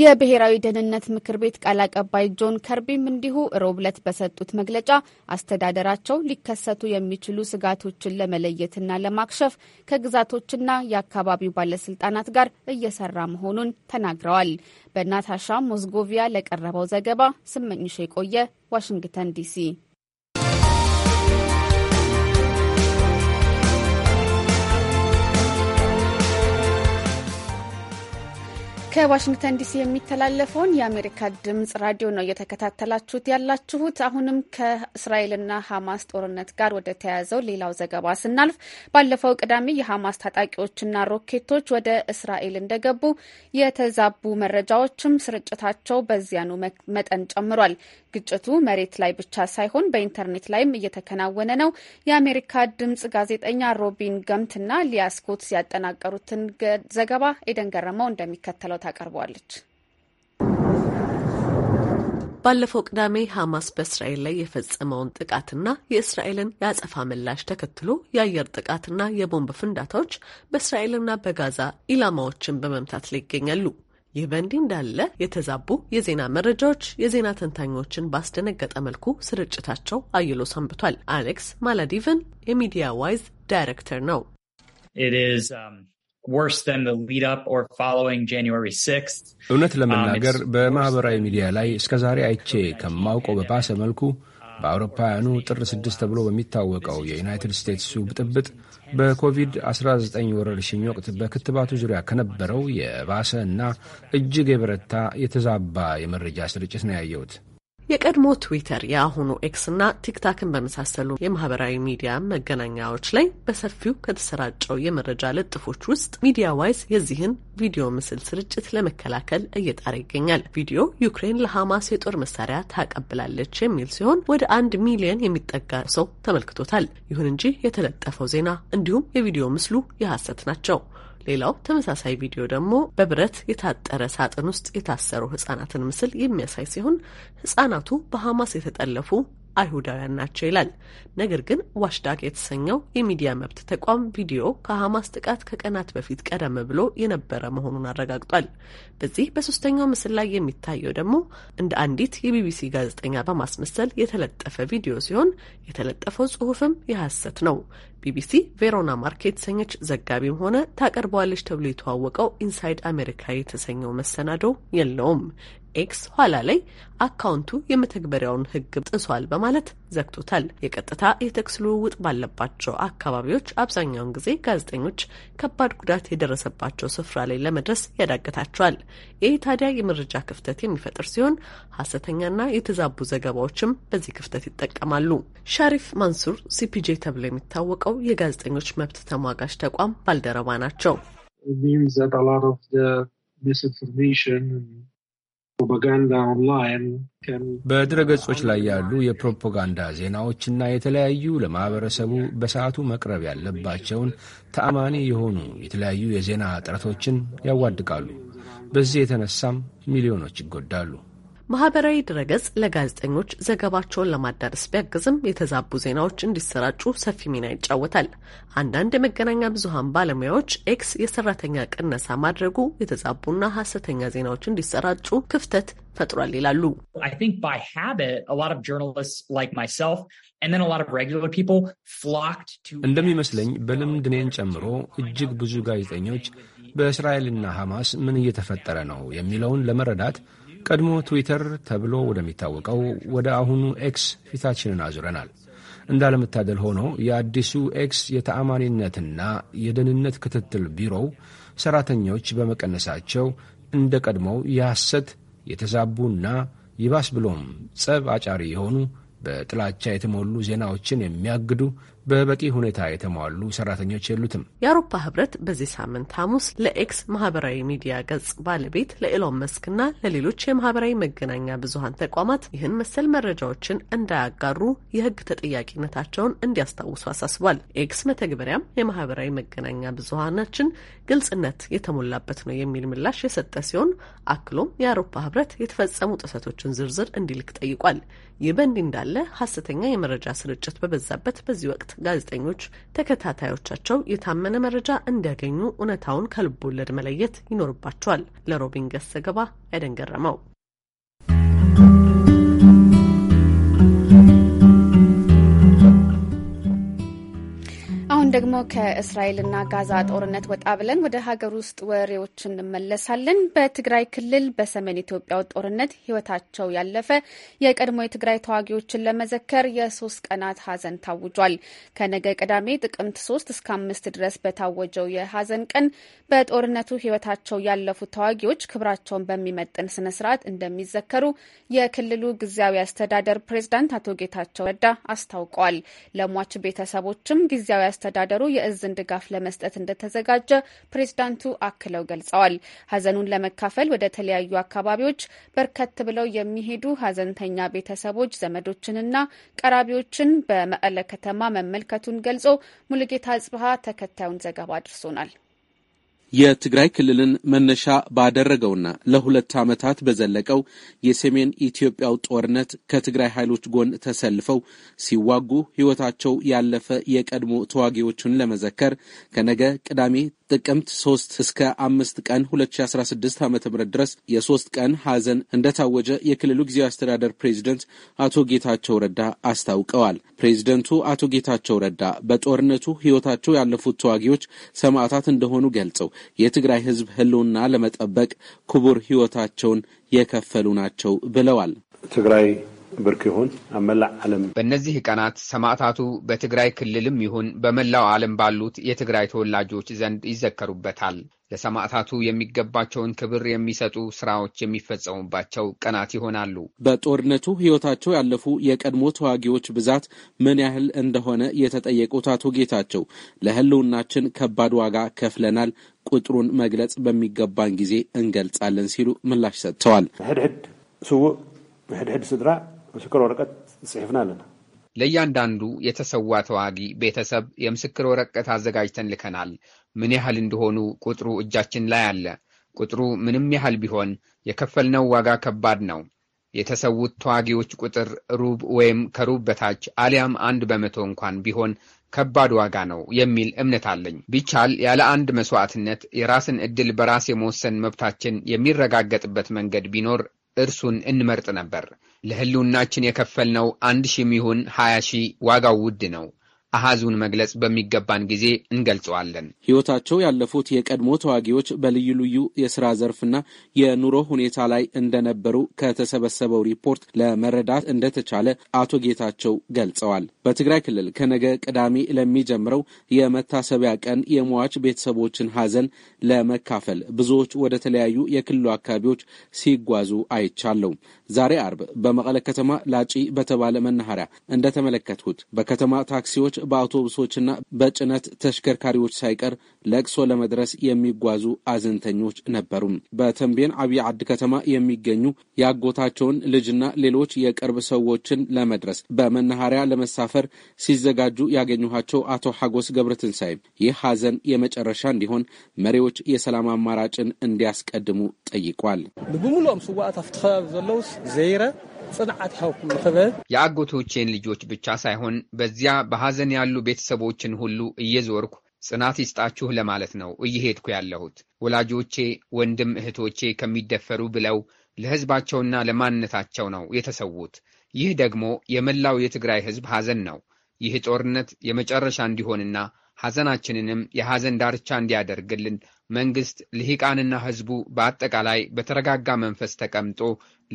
የብሔራዊ ደህንነት ምክር ቤት ቃል አቀባይ ጆን ከርቢም እንዲሁ ሮብ በሰጡት መግለጫ አስተዳደራቸው ሊከሰቱ የሚችሉ ስጋቶችን ለመለየትና ለማክሸፍ ከግዛቶችና የአካባቢው ባለስልጣናት ጋር እየሰራ መሆኑን ተናግረዋል። በናታሻ ሞዝጎቪያ ለቀረበው ዘገባ ስመኝሽ የቆየ ዋሽንግተን ዲሲ ከዋሽንግተን ዲሲ የሚተላለፈውን የአሜሪካ ድምጽ ራዲዮ ነው እየተከታተላችሁት ያላችሁት። አሁንም ከእስራኤልና ሐማስ ጦርነት ጋር ወደ ተያያዘው ሌላው ዘገባ ስናልፍ ባለፈው ቅዳሜ የሐማስ ታጣቂዎችና ሮኬቶች ወደ እስራኤል እንደገቡ የተዛቡ መረጃዎችም ስርጭታቸው በዚያኑ መጠን ጨምሯል። ግጭቱ መሬት ላይ ብቻ ሳይሆን በኢንተርኔት ላይም እየተከናወነ ነው። የአሜሪካ ድምጽ ጋዜጠኛ ሮቢን ገምትና ሊያስኮት ያጠናቀሩትን ዘገባ ኤደን ገረመው እንደሚከተለው ታቀርበዋለች። ባለፈው ቅዳሜ ሐማስ በእስራኤል ላይ የፈጸመውን ጥቃትና የእስራኤልን የአጸፋ ምላሽ ተከትሎ የአየር ጥቃትና የቦምብ ፍንዳታዎች በእስራኤልና በጋዛ ኢላማዎችን በመምታት ላይ ይገኛሉ። ይህ በእንዲህ እንዳለ የተዛቡ የዜና መረጃዎች የዜና ተንታኞችን ባስደነገጠ መልኩ ስርጭታቸው አይሎ ሰንብቷል። አሌክስ ማላዲቨን የሚዲያ ዋይዝ ዳይሬክተር ነው። እውነት um, ለመናገር በማኅበራዊ ሚዲያ ላይ እስከዛሬ አይቼ ከማውቀው በባሰ መልኩ um, በአውሮፓውያኑ ጥር ስድስት ተብሎ በሚታወቀው የዩናይትድ ስቴትሱ ብጥብጥ በኮቪድ-19 ወረርሽኝ ወቅት በክትባቱ ዙሪያ ከነበረው የባሰ እና እጅግ የበረታ የተዛባ የመረጃ ስርጭት ነው ያየሁት። የቀድሞ ትዊተር፣ የአሁኑ ኤክስ እና ቲክታክን በመሳሰሉ የማህበራዊ ሚዲያ መገናኛዎች ላይ በሰፊው ከተሰራጨው የመረጃ ለጥፎች ውስጥ ሚዲያ ዋይዝ የዚህን ቪዲዮ ምስል ስርጭት ለመከላከል እየጣረ ይገኛል። ቪዲዮ ዩክሬን ለሐማስ የጦር መሳሪያ ታቀብላለች የሚል ሲሆን ወደ አንድ ሚሊየን የሚጠጋ ሰው ተመልክቶታል። ይሁን እንጂ የተለጠፈው ዜና እንዲሁም የቪዲዮ ምስሉ የሐሰት ናቸው። ሌላው ተመሳሳይ ቪዲዮ ደግሞ በብረት የታጠረ ሳጥን ውስጥ የታሰሩ ህጻናትን ምስል የሚያሳይ ሲሆን ህጻናቱ በሐማስ የተጠለፉ አይሁዳውያን ናቸው ይላል። ነገር ግን ዋሽዳግ የተሰኘው የሚዲያ መብት ተቋም ቪዲዮ ከሐማስ ጥቃት ከቀናት በፊት ቀደም ብሎ የነበረ መሆኑን አረጋግጧል። በዚህ በሶስተኛው ምስል ላይ የሚታየው ደግሞ እንደ አንዲት የቢቢሲ ጋዜጠኛ በማስመሰል የተለጠፈ ቪዲዮ ሲሆን የተለጠፈው ጽሁፍም የሐሰት ነው። ቢቢሲ ቬሮና ማርክ የተሰኘች ዘጋቢም ሆነ ታቀርበዋለች ተብሎ የተዋወቀው ኢንሳይድ አሜሪካ የተሰኘው መሰናዶ የለውም። ኤክስ ኋላ ላይ አካውንቱ የመተግበሪያውን ሕግ ጥሷል በማለት ዘግቶታል። የቀጥታ የተኩስ ልውውጥ ባለባቸው አካባቢዎች አብዛኛውን ጊዜ ጋዜጠኞች ከባድ ጉዳት የደረሰባቸው ስፍራ ላይ ለመድረስ ያዳግታቸዋል። ይህ ታዲያ የመረጃ ክፍተት የሚፈጥር ሲሆን ሀሰተኛና የተዛቡ ዘገባዎችም በዚህ ክፍተት ይጠቀማሉ። ሻሪፍ ማንሱር ሲፒጄ ተብሎ የሚታወቀው የጋዜጠኞች መብት ተሟጋች ተቋም ባልደረባ ናቸው። በድረገጾች ላይ ያሉ የፕሮፓጋንዳ ዜናዎችና የተለያዩ ለማህበረሰቡ በሰዓቱ መቅረብ ያለባቸውን ተአማኒ የሆኑ የተለያዩ የዜና ጥረቶችን ያዋድቃሉ። በዚህ የተነሳም ሚሊዮኖች ይጎዳሉ። ማህበራዊ ድረገጽ ለጋዜጠኞች ዘገባቸውን ለማዳረስ ቢያግዝም የተዛቡ ዜናዎች እንዲሰራጩ ሰፊ ሚና ይጫወታል። አንዳንድ የመገናኛ ብዙሀን ባለሙያዎች ኤክስ የሰራተኛ ቅነሳ ማድረጉ የተዛቡና ሀሰተኛ ዜናዎች እንዲሰራጩ ክፍተት ፈጥሯል ይላሉ። እንደሚመስለኝ በልምድ እኔን ጨምሮ እጅግ ብዙ ጋዜጠኞች በእስራኤልና ሐማስ ምን እየተፈጠረ ነው የሚለውን ለመረዳት ቀድሞ ትዊተር ተብሎ ወደሚታወቀው ወደ አሁኑ ኤክስ ፊታችንን አዙረናል። እንዳለመታደል ሆኖ የአዲሱ ኤክስ የተአማኒነትና የደህንነት ክትትል ቢሮው ሠራተኞች በመቀነሳቸው እንደ ቀድሞው የሐሰት የተዛቡና ይባስ ብሎም ጸብ አጫሪ የሆኑ በጥላቻ የተሞሉ ዜናዎችን የሚያግዱ በበቂ ሁኔታ የተሟሉ ሰራተኞች የሉትም። የአውሮፓ ህብረት በዚህ ሳምንት ሐሙስ ለኤክስ ማህበራዊ ሚዲያ ገጽ ባለቤት መስክ መስክና ለሌሎች የማህበራዊ መገናኛ ብዙሀን ተቋማት ይህን መሰል መረጃዎችን እንዳያጋሩ የህግ ተጠያቂነታቸውን እንዲያስታውሱ አሳስቧል። ኤክስ መተግበሪያም የማህበራዊ መገናኛ ብዙሀናችን ግልጽነት የተሞላበት ነው የሚል ምላሽ የሰጠ ሲሆን አክሎም የአውሮፓ ህብረት የተፈጸሙ ጥሰቶችን ዝርዝር እንዲልክ ጠይቋል። ይህ በእንዲህ እንዳለ ሀሰተኛ የመረጃ ስርጭት በበዛበት በዚህ ወቅት ጋዜጠኞች ተከታታዮቻቸው የታመነ መረጃ እንዲያገኙ እውነታውን ከልቦለድ መለየት ይኖርባቸዋል። ለሮቢን ገስ ዘገባ ያደንገረመው ከእስራኤልና ጋዛ ጦርነት ወጣ ብለን ወደ ሀገር ውስጥ ወሬዎች እንመለሳለን። በትግራይ ክልል በሰሜን ኢትዮጵያው ጦርነት ሕይወታቸው ያለፈ የቀድሞ የትግራይ ተዋጊዎችን ለመዘከር የሶስት ቀናት ሀዘን ታውጇል። ከነገ ቅዳሜ ጥቅምት ሶስት እስከ አምስት ድረስ በታወጀው የሀዘን ቀን በጦርነቱ ሕይወታቸው ያለፉ ተዋጊዎች ክብራቸውን በሚመጥን ስነ ስርዓት እንደሚዘከሩ የክልሉ ጊዜያዊ አስተዳደር ፕሬዝዳንት አቶ ጌታቸው ረዳ አስታውቀዋል። ለሟች ቤተሰቦችም ጊዜያዊ አስተዳደሩ የእዝን ድጋፍ ለመስጠት እንደተዘጋጀ ፕሬዝዳንቱ አክለው ገልጸዋል። ሀዘኑን ለመካፈል ወደ ተለያዩ አካባቢዎች በርከት ብለው የሚሄዱ ሀዘንተኛ ቤተሰቦች ዘመዶችንና ቀራቢዎችን በመቀለ ከተማ መመልከቱን ገልጾ ሙልጌታ ጽብሃ ተከታዩን ዘገባ አድርሶናል። የትግራይ ክልልን መነሻ ባደረገውና ለሁለት ዓመታት በዘለቀው የሰሜን ኢትዮጵያው ጦርነት ከትግራይ ኃይሎች ጎን ተሰልፈው ሲዋጉ ሕይወታቸው ያለፈ የቀድሞ ተዋጊዎቹን ለመዘከር ከነገ ቅዳሜ ጥቅምት 3 እስከ 5 ቀን 2016 ዓ ም ድረስ የሶስት ቀን ሐዘን እንደታወጀ የክልሉ ጊዜያዊ አስተዳደር ፕሬዚደንት አቶ ጌታቸው ረዳ አስታውቀዋል። ፕሬዚደንቱ አቶ ጌታቸው ረዳ በጦርነቱ ሕይወታቸው ያለፉት ተዋጊዎች ሰማዕታት እንደሆኑ ገልጸው የትግራይ ህዝብ ህልውና ለመጠበቅ ክቡር ህይወታቸውን የከፈሉ ናቸው ብለዋል። ትግራይ ብርክ ይሁን መላእ ዓለም በእነዚህ ቀናት ሰማዕታቱ በትግራይ ክልልም ይሁን በመላው ዓለም ባሉት የትግራይ ተወላጆች ዘንድ ይዘከሩበታል። ለሰማዕታቱ የሚገባቸውን ክብር የሚሰጡ ስራዎች የሚፈጸሙባቸው ቀናት ይሆናሉ። በጦርነቱ ህይወታቸው ያለፉ የቀድሞ ተዋጊዎች ብዛት ምን ያህል እንደሆነ የተጠየቁት አቶ ጌታቸው ለህልውናችን ከባድ ዋጋ ከፍለናል፣ ቁጥሩን መግለጽ በሚገባን ጊዜ እንገልጻለን ሲሉ ምላሽ ሰጥተዋል። ሕድሕድ ስውእ ሕድሕድ ስድራ ምስክር ወረቀት ጽሕፍናለን። ለእያንዳንዱ የተሰዋ ተዋጊ ቤተሰብ የምስክር ወረቀት አዘጋጅተን ልከናል። ምን ያህል እንደሆኑ ቁጥሩ እጃችን ላይ አለ። ቁጥሩ ምንም ያህል ቢሆን የከፈልነው ዋጋ ከባድ ነው። የተሰዉት ተዋጊዎች ቁጥር ሩብ ወይም ከሩብ በታች አሊያም አንድ በመቶ እንኳን ቢሆን ከባድ ዋጋ ነው የሚል እምነት አለኝ። ቢቻል ያለ አንድ መስዋዕትነት የራስን ዕድል በራስ የመወሰን መብታችን የሚረጋገጥበት መንገድ ቢኖር እርሱን እንመርጥ ነበር። ለህልውናችን የከፈልነው አንድ ሺህ ይሁን ሀያ ሺህ ዋጋው ውድ ነው። አሃዙን መግለጽ በሚገባን ጊዜ እንገልጸዋለን። ሕይወታቸው ያለፉት የቀድሞ ተዋጊዎች በልዩ ልዩ የስራ ዘርፍና የኑሮ ሁኔታ ላይ እንደነበሩ ከተሰበሰበው ሪፖርት ለመረዳት እንደተቻለ አቶ ጌታቸው ገልጸዋል። በትግራይ ክልል ከነገ ቅዳሜ ለሚጀምረው የመታሰቢያ ቀን የሟች ቤተሰቦችን ሀዘን ለመካፈል ብዙዎች ወደ ተለያዩ የክልሉ አካባቢዎች ሲጓዙ አይቻለው። ዛሬ አርብ በመቀለ ከተማ ላጪ በተባለ መናኸሪያ እንደተመለከትኩት በከተማ ታክሲዎች በአውቶቡሶችና በጭነት ተሽከርካሪዎች ሳይቀር ለቅሶ ለመድረስ የሚጓዙ አዘንተኞች ነበሩ። በተንቤን አብይ አድ ከተማ የሚገኙ ያጎታቸውን ልጅና ሌሎች የቅርብ ሰዎችን ለመድረስ በመናኸሪያ ለመሳፈር ሲዘጋጁ ያገኘኋቸው አቶ ሐጎስ ገብረትንሳይ ይህ ሀዘን የመጨረሻ እንዲሆን መሪዎች የሰላም አማራጭን እንዲያስቀድሙ ጠይቋል። ብሙሉም ስዋዕት ኣብቲ ከባቢ ዘለውስ ዘይረ ጽንዓት ሃብኩም ንክበብ የአጎቶቼን ልጆች ብቻ ሳይሆን በዚያ በሐዘን ያሉ ቤተሰቦችን ሁሉ እየዞርኩ ጽናት ይስጣችሁ ለማለት ነው እየሄድኩ ያለሁት። ወላጆቼ፣ ወንድም እህቶቼ ከሚደፈሩ ብለው ለሕዝባቸውና ለማንነታቸው ነው የተሰዉት። ይህ ደግሞ የመላው የትግራይ ሕዝብ ሐዘን ነው። ይህ ጦርነት የመጨረሻ እንዲሆንና ሐዘናችንንም የሐዘን ዳርቻ እንዲያደርግልን መንግሥት፣ ልሂቃንና ሕዝቡ በአጠቃላይ በተረጋጋ መንፈስ ተቀምጦ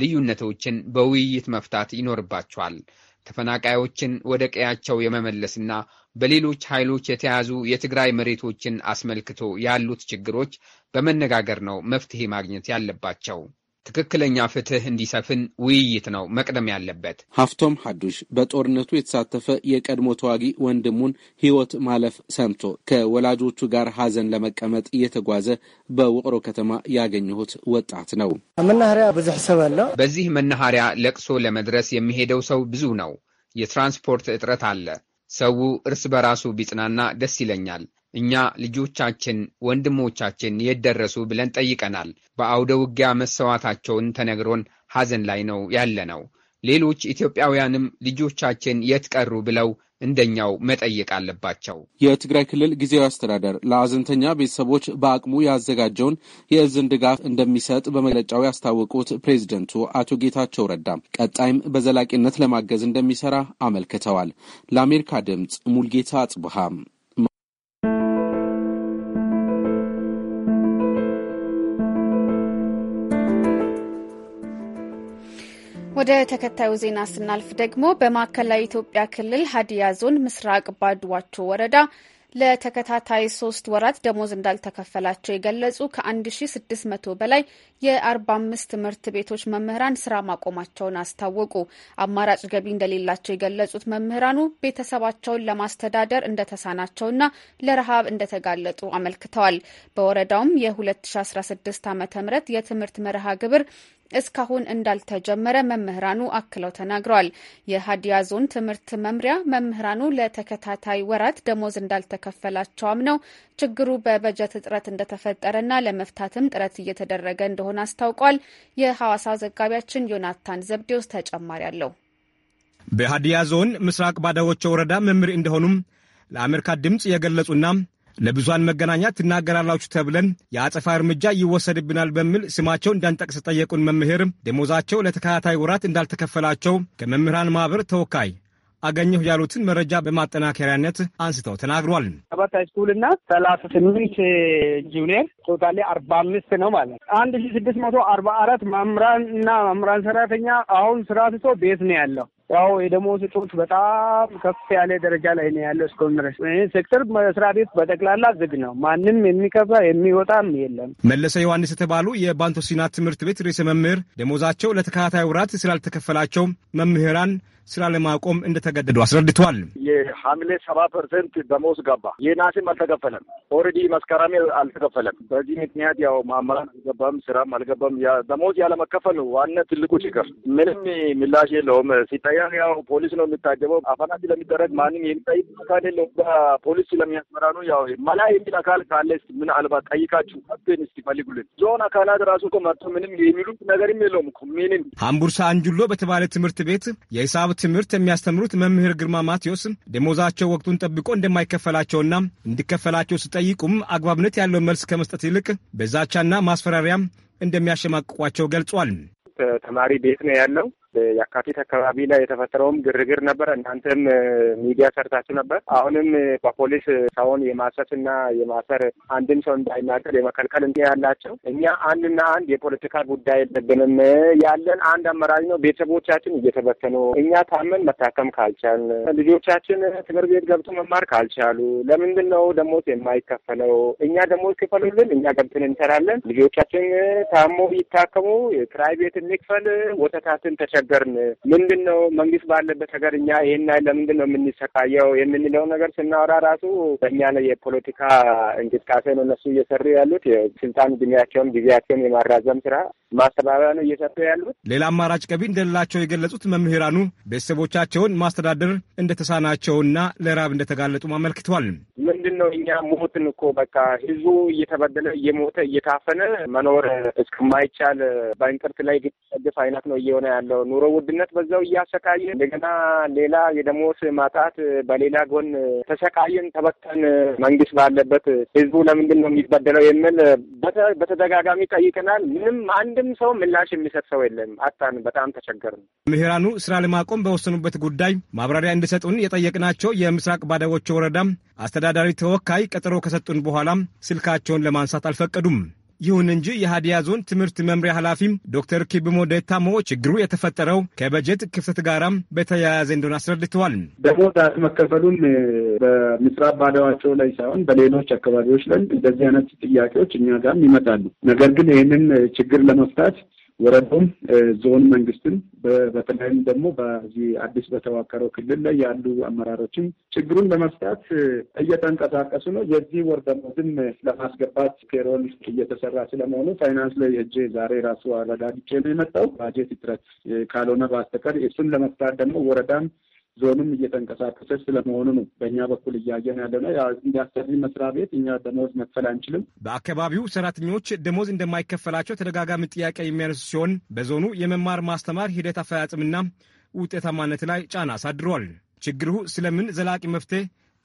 ልዩነቶችን በውይይት መፍታት ይኖርባቸዋል። ተፈናቃዮችን ወደ ቀያቸው የመመለስና በሌሎች ኃይሎች የተያዙ የትግራይ መሬቶችን አስመልክቶ ያሉት ችግሮች በመነጋገር ነው መፍትሄ ማግኘት ያለባቸው። ትክክለኛ ፍትህ እንዲሰፍን ውይይት ነው መቅደም ያለበት። ሀፍቶም ሀዱሽ በጦርነቱ የተሳተፈ የቀድሞ ተዋጊ ወንድሙን ሕይወት ማለፍ ሰምቶ ከወላጆቹ ጋር ሀዘን ለመቀመጥ እየተጓዘ በውቅሮ ከተማ ያገኘሁት ወጣት ነው። መናኸሪያ ብዙሕ ሰብ አለ። በዚህ መናኸሪያ ለቅሶ ለመድረስ የሚሄደው ሰው ብዙ ነው። የትራንስፖርት እጥረት አለ። ሰው እርስ በራሱ ቢጽናና ደስ ይለኛል። እኛ ልጆቻችን፣ ወንድሞቻችን የት ደረሱ ብለን ጠይቀናል። በአውደ ውጊያ መሰዋታቸውን ተነግሮን ሐዘን ላይ ነው ያለነው። ሌሎች ኢትዮጵያውያንም ልጆቻችን የት ቀሩ ብለው እንደኛው መጠየቅ አለባቸው። የትግራይ ክልል ጊዜያዊ አስተዳደር ለአዘንተኛ ቤተሰቦች በአቅሙ ያዘጋጀውን የእዝን ድጋፍ እንደሚሰጥ በመግለጫው ያስታወቁት ፕሬዚደንቱ አቶ ጌታቸው ረዳ ቀጣይም በዘላቂነት ለማገዝ እንደሚሰራ አመልክተዋል። ለአሜሪካ ድምፅ ሙልጌታ አጽብሃም ወደ ተከታዩ ዜና ስናልፍ ደግሞ በማዕከላዊ ኢትዮጵያ ክልል ሀዲያ ዞን ምስራቅ ባድዋቾ ወረዳ ለተከታታይ ሶስት ወራት ደሞዝ እንዳልተከፈላቸው የገለጹ ከ1600 በላይ የ45 ትምህርት ቤቶች መምህራን ስራ ማቆማቸውን አስታወቁ። አማራጭ ገቢ እንደሌላቸው የገለጹት መምህራኑ ቤተሰባቸውን ለማስተዳደር እንደተሳናቸውና ለረሃብ እንደተጋለጡ አመልክተዋል። በወረዳውም የ2016 ዓ ም የትምህርት መርሃ ግብር እስካሁን እንዳልተጀመረ መምህራኑ አክለው ተናግረዋል። የሀዲያ ዞን ትምህርት መምሪያ መምህራኑ ለተከታታይ ወራት ደሞዝ እንዳልተከፈላቸውም ነው ችግሩ በበጀት እጥረት እንደተፈጠረና ለመፍታትም ጥረት እየተደረገ እንደሆነ አስታውቋል። የሐዋሳ ዘጋቢያችን ዮናታን ዘብዴውስ ተጨማሪ አለው። በሀዲያ ዞን ምስራቅ ባዳዎቾ ወረዳ መምህር እንደሆኑም ለአሜሪካ ድምፅ የገለጹና ለብዙሃን መገናኛ ትናገራላችሁ ተብለን የአጸፋ እርምጃ ይወሰድብናል በሚል ስማቸው እንዳንጠቅስ ጠየቁን መምህር ደሞዛቸው ለተከታታይ ወራት እንዳልተከፈላቸው ከመምህራን ማህበር ተወካይ አገኘሁ ያሉትን መረጃ በማጠናከሪያነት አንስተው ተናግሯል። ሰባት ሃይስኩል እና ሰላሳ ስምንት ጁኒየር ቶታሌ አርባ አምስት ነው ማለት አንድ ሺ ስድስት መቶ አርባ አራት መምህራን እና መምህራን ሰራተኛ አሁን ስራ ስቶ ቤት ነው ያለው። ያው የደሞዝ እጦት በጣም ከፍ ያለ ደረጃ ላይ ነው ያለው። እስከሁን ድረስ ይህ ሴክተር መስሪያ ቤት በጠቅላላ ዝግ ነው። ማንም የሚከፋ የሚወጣም የለም። መለሰ ዮሐንስ የተባሉ የባንቶሲና ትምህርት ቤት ርዕሰ መምህር ደሞዛቸው ለተከታታይ ውራት ስላልተከፈላቸው መምህራን ስራ ለማቆም እንደተገደዱ አስረድተዋል። የሐምሌ ሰባ ፐርሰንት ደሞዝ ገባ። የናስም አልተከፈለም። ኦልሬዲ መስከረም አልተከፈለም። በዚህ ምክንያት ያው ማመራ አልገባም፣ ስራም አልገባም። ደሞዝ ያለመከፈል ዋና ትልቁ ችግር ምንም ምላሽ የለውም። ሲጠየቅ ያው ፖሊስ ነው የሚታጀበው። አፈና ስለሚደረግ ማንም የሚጠይቅ አካል የለውም። በፖሊስ ስለሚያስመራ ነው። ያው መላ የሚል አካል ካለ ምን አልባት ጠይቃችሁ መብትን እስቲ ዞን አካላት ራሱ እኮ መጥቶ ምንም የሚሉት ነገርም የለውም። ምንም ሀምቡርሳ አንጁሎ በተባለ ትምህርት ቤት የሂሳብ ትምህርት የሚያስተምሩት መምህር ግርማ ማቴዎስ ደሞዛቸው ወቅቱን ጠብቆ እንደማይከፈላቸውና እንዲከፈላቸው ሲጠይቁም አግባብነት ያለው መልስ ከመስጠት ይልቅ በዛቻና ማስፈራሪያም እንደሚያሸማቅቋቸው ገልጿል። ተማሪ ቤት ነው ያለው። የካቲት አካባቢ ላይ የተፈጠረውም ግርግር ነበር። እናንተም ሚዲያ ሰርታችሁ ነበር። አሁንም በፖሊስ ሰውን የማሰስ እና የማሰር አንድም ሰው እንዳይናገር የመከልከል እንዲ ያላቸው እኛ አንድና አንድ የፖለቲካ ጉዳይ የለብንም። ያለን አንድ አመራጅ ነው። ቤተሰቦቻችን እየተበተኑ እኛ ታመን መታከም ካልቻል ልጆቻችን ትምህርት ቤት ገብቶ መማር ካልቻሉ ለምንድን ነው ደሞዝ የማይከፈለው? እኛ ደሞዝ ክፈሉልን፣ እኛ ገብተን እንሰራለን። ልጆቻችን ታሞ ይታከሙ፣ ክራይ ቤት እንክፈል፣ ወተታትን ተቸግ ተቸገርን። ምንድን ነው መንግስት ባለበት ሀገር እኛ ይህን ያህል ለምንድን ነው የምንሰቃየው የምንለው ነገር ስናወራ ራሱ በእኛ ነው የፖለቲካ እንቅስቃሴ ነው እነሱ እየሰሩ ያሉት ስልጣን እድሜያቸውም ጊዜያቸውም የማራዘም ስራ ማስተባበያ ነው እየሰጡ ያሉት። ሌላ አማራጭ ገቢ እንደሌላቸው የገለጹት መምህራኑ ቤተሰቦቻቸውን ማስተዳደር እንደተሳናቸውና ለራብ እንደተጋለጡም አመልክተዋል። ምንድን ነው እኛ ሞትን እኮ በቃ ህዝቡ እየተበደለ እየሞተ እየታፈነ መኖር እስከማይቻል በእንቅርት ላይ ግጥፍ አይነት ነው እየሆነ ያለው። ኑሮ ውድነት በዛው እያሰቃየ እንደገና ሌላ የደሞዝ ማጣት፣ በሌላ ጎን ተሰቃየን ተበተን መንግስት ባለበት ህዝቡ ለምንድን ነው የሚበደለው የሚል በተደጋጋሚ ጠይቀናል። ምንም አንድ አንድም ሰው ምላሽ የሚሰጥ ሰው የለም። አጣን። በጣም ተቸገርን። ምሄራኑ ስራ ለማቆም በወሰኑበት ጉዳይ ማብራሪያ እንዲሰጡን የጠየቅናቸው የምስራቅ ባዳዎቹ ወረዳ አስተዳዳሪ ተወካይ ቀጠሮ ከሰጡን በኋላ ስልካቸውን ለማንሳት አልፈቀዱም። ይሁን እንጂ የሃዲያ ዞን ትምህርት መምሪያ ኃላፊም ዶክተር ኪብሞ ደታሞ ችግሩ የተፈጠረው ከበጀት ክፍተት ጋራም በተያያዘ እንደሆነ አስረድተዋል። ደሞዝ አለመከፈሉን በምስራብ ባዳዋቸው ላይ ሳይሆን በሌሎች አካባቢዎች ላይ እንደዚህ አይነት ጥያቄዎች እኛ ጋርም ይመጣሉ። ነገር ግን ይህንን ችግር ለመፍታት ወረዳውም ዞን መንግስትን በተለይም ደግሞ በዚህ አዲስ በተዋቀረው ክልል ላይ ያሉ አመራሮችም ችግሩን ለመፍታት እየተንቀሳቀሱ ነው። የዚህ ወር ደሞዝም ለማስገባት ፔሮል እየተሰራ ስለመሆኑ ፋይናንስ ላይ ሄጄ ዛሬ ራሱ አረጋግጬ ነው የመጣው። ባጀት እጥረት ካልሆነ በስተቀር እሱን ለመፍታት ደግሞ ወረዳም ዞንም እየተንቀሳቀሰች ስለመሆኑ ነው በእኛ በኩል እያየን ያለ ነው። እንዲያሰሪ መስሪያ ቤት እኛ ደሞዝ መክፈል አንችልም። በአካባቢው ሰራተኞች ደሞዝ እንደማይከፈላቸው ተደጋጋሚ ጥያቄ የሚያነሱ ሲሆን በዞኑ የመማር ማስተማር ሂደት አፈጻጸምና ውጤታማነት ላይ ጫና አሳድሯል። ችግሩ ስለምን ዘላቂ መፍትሄ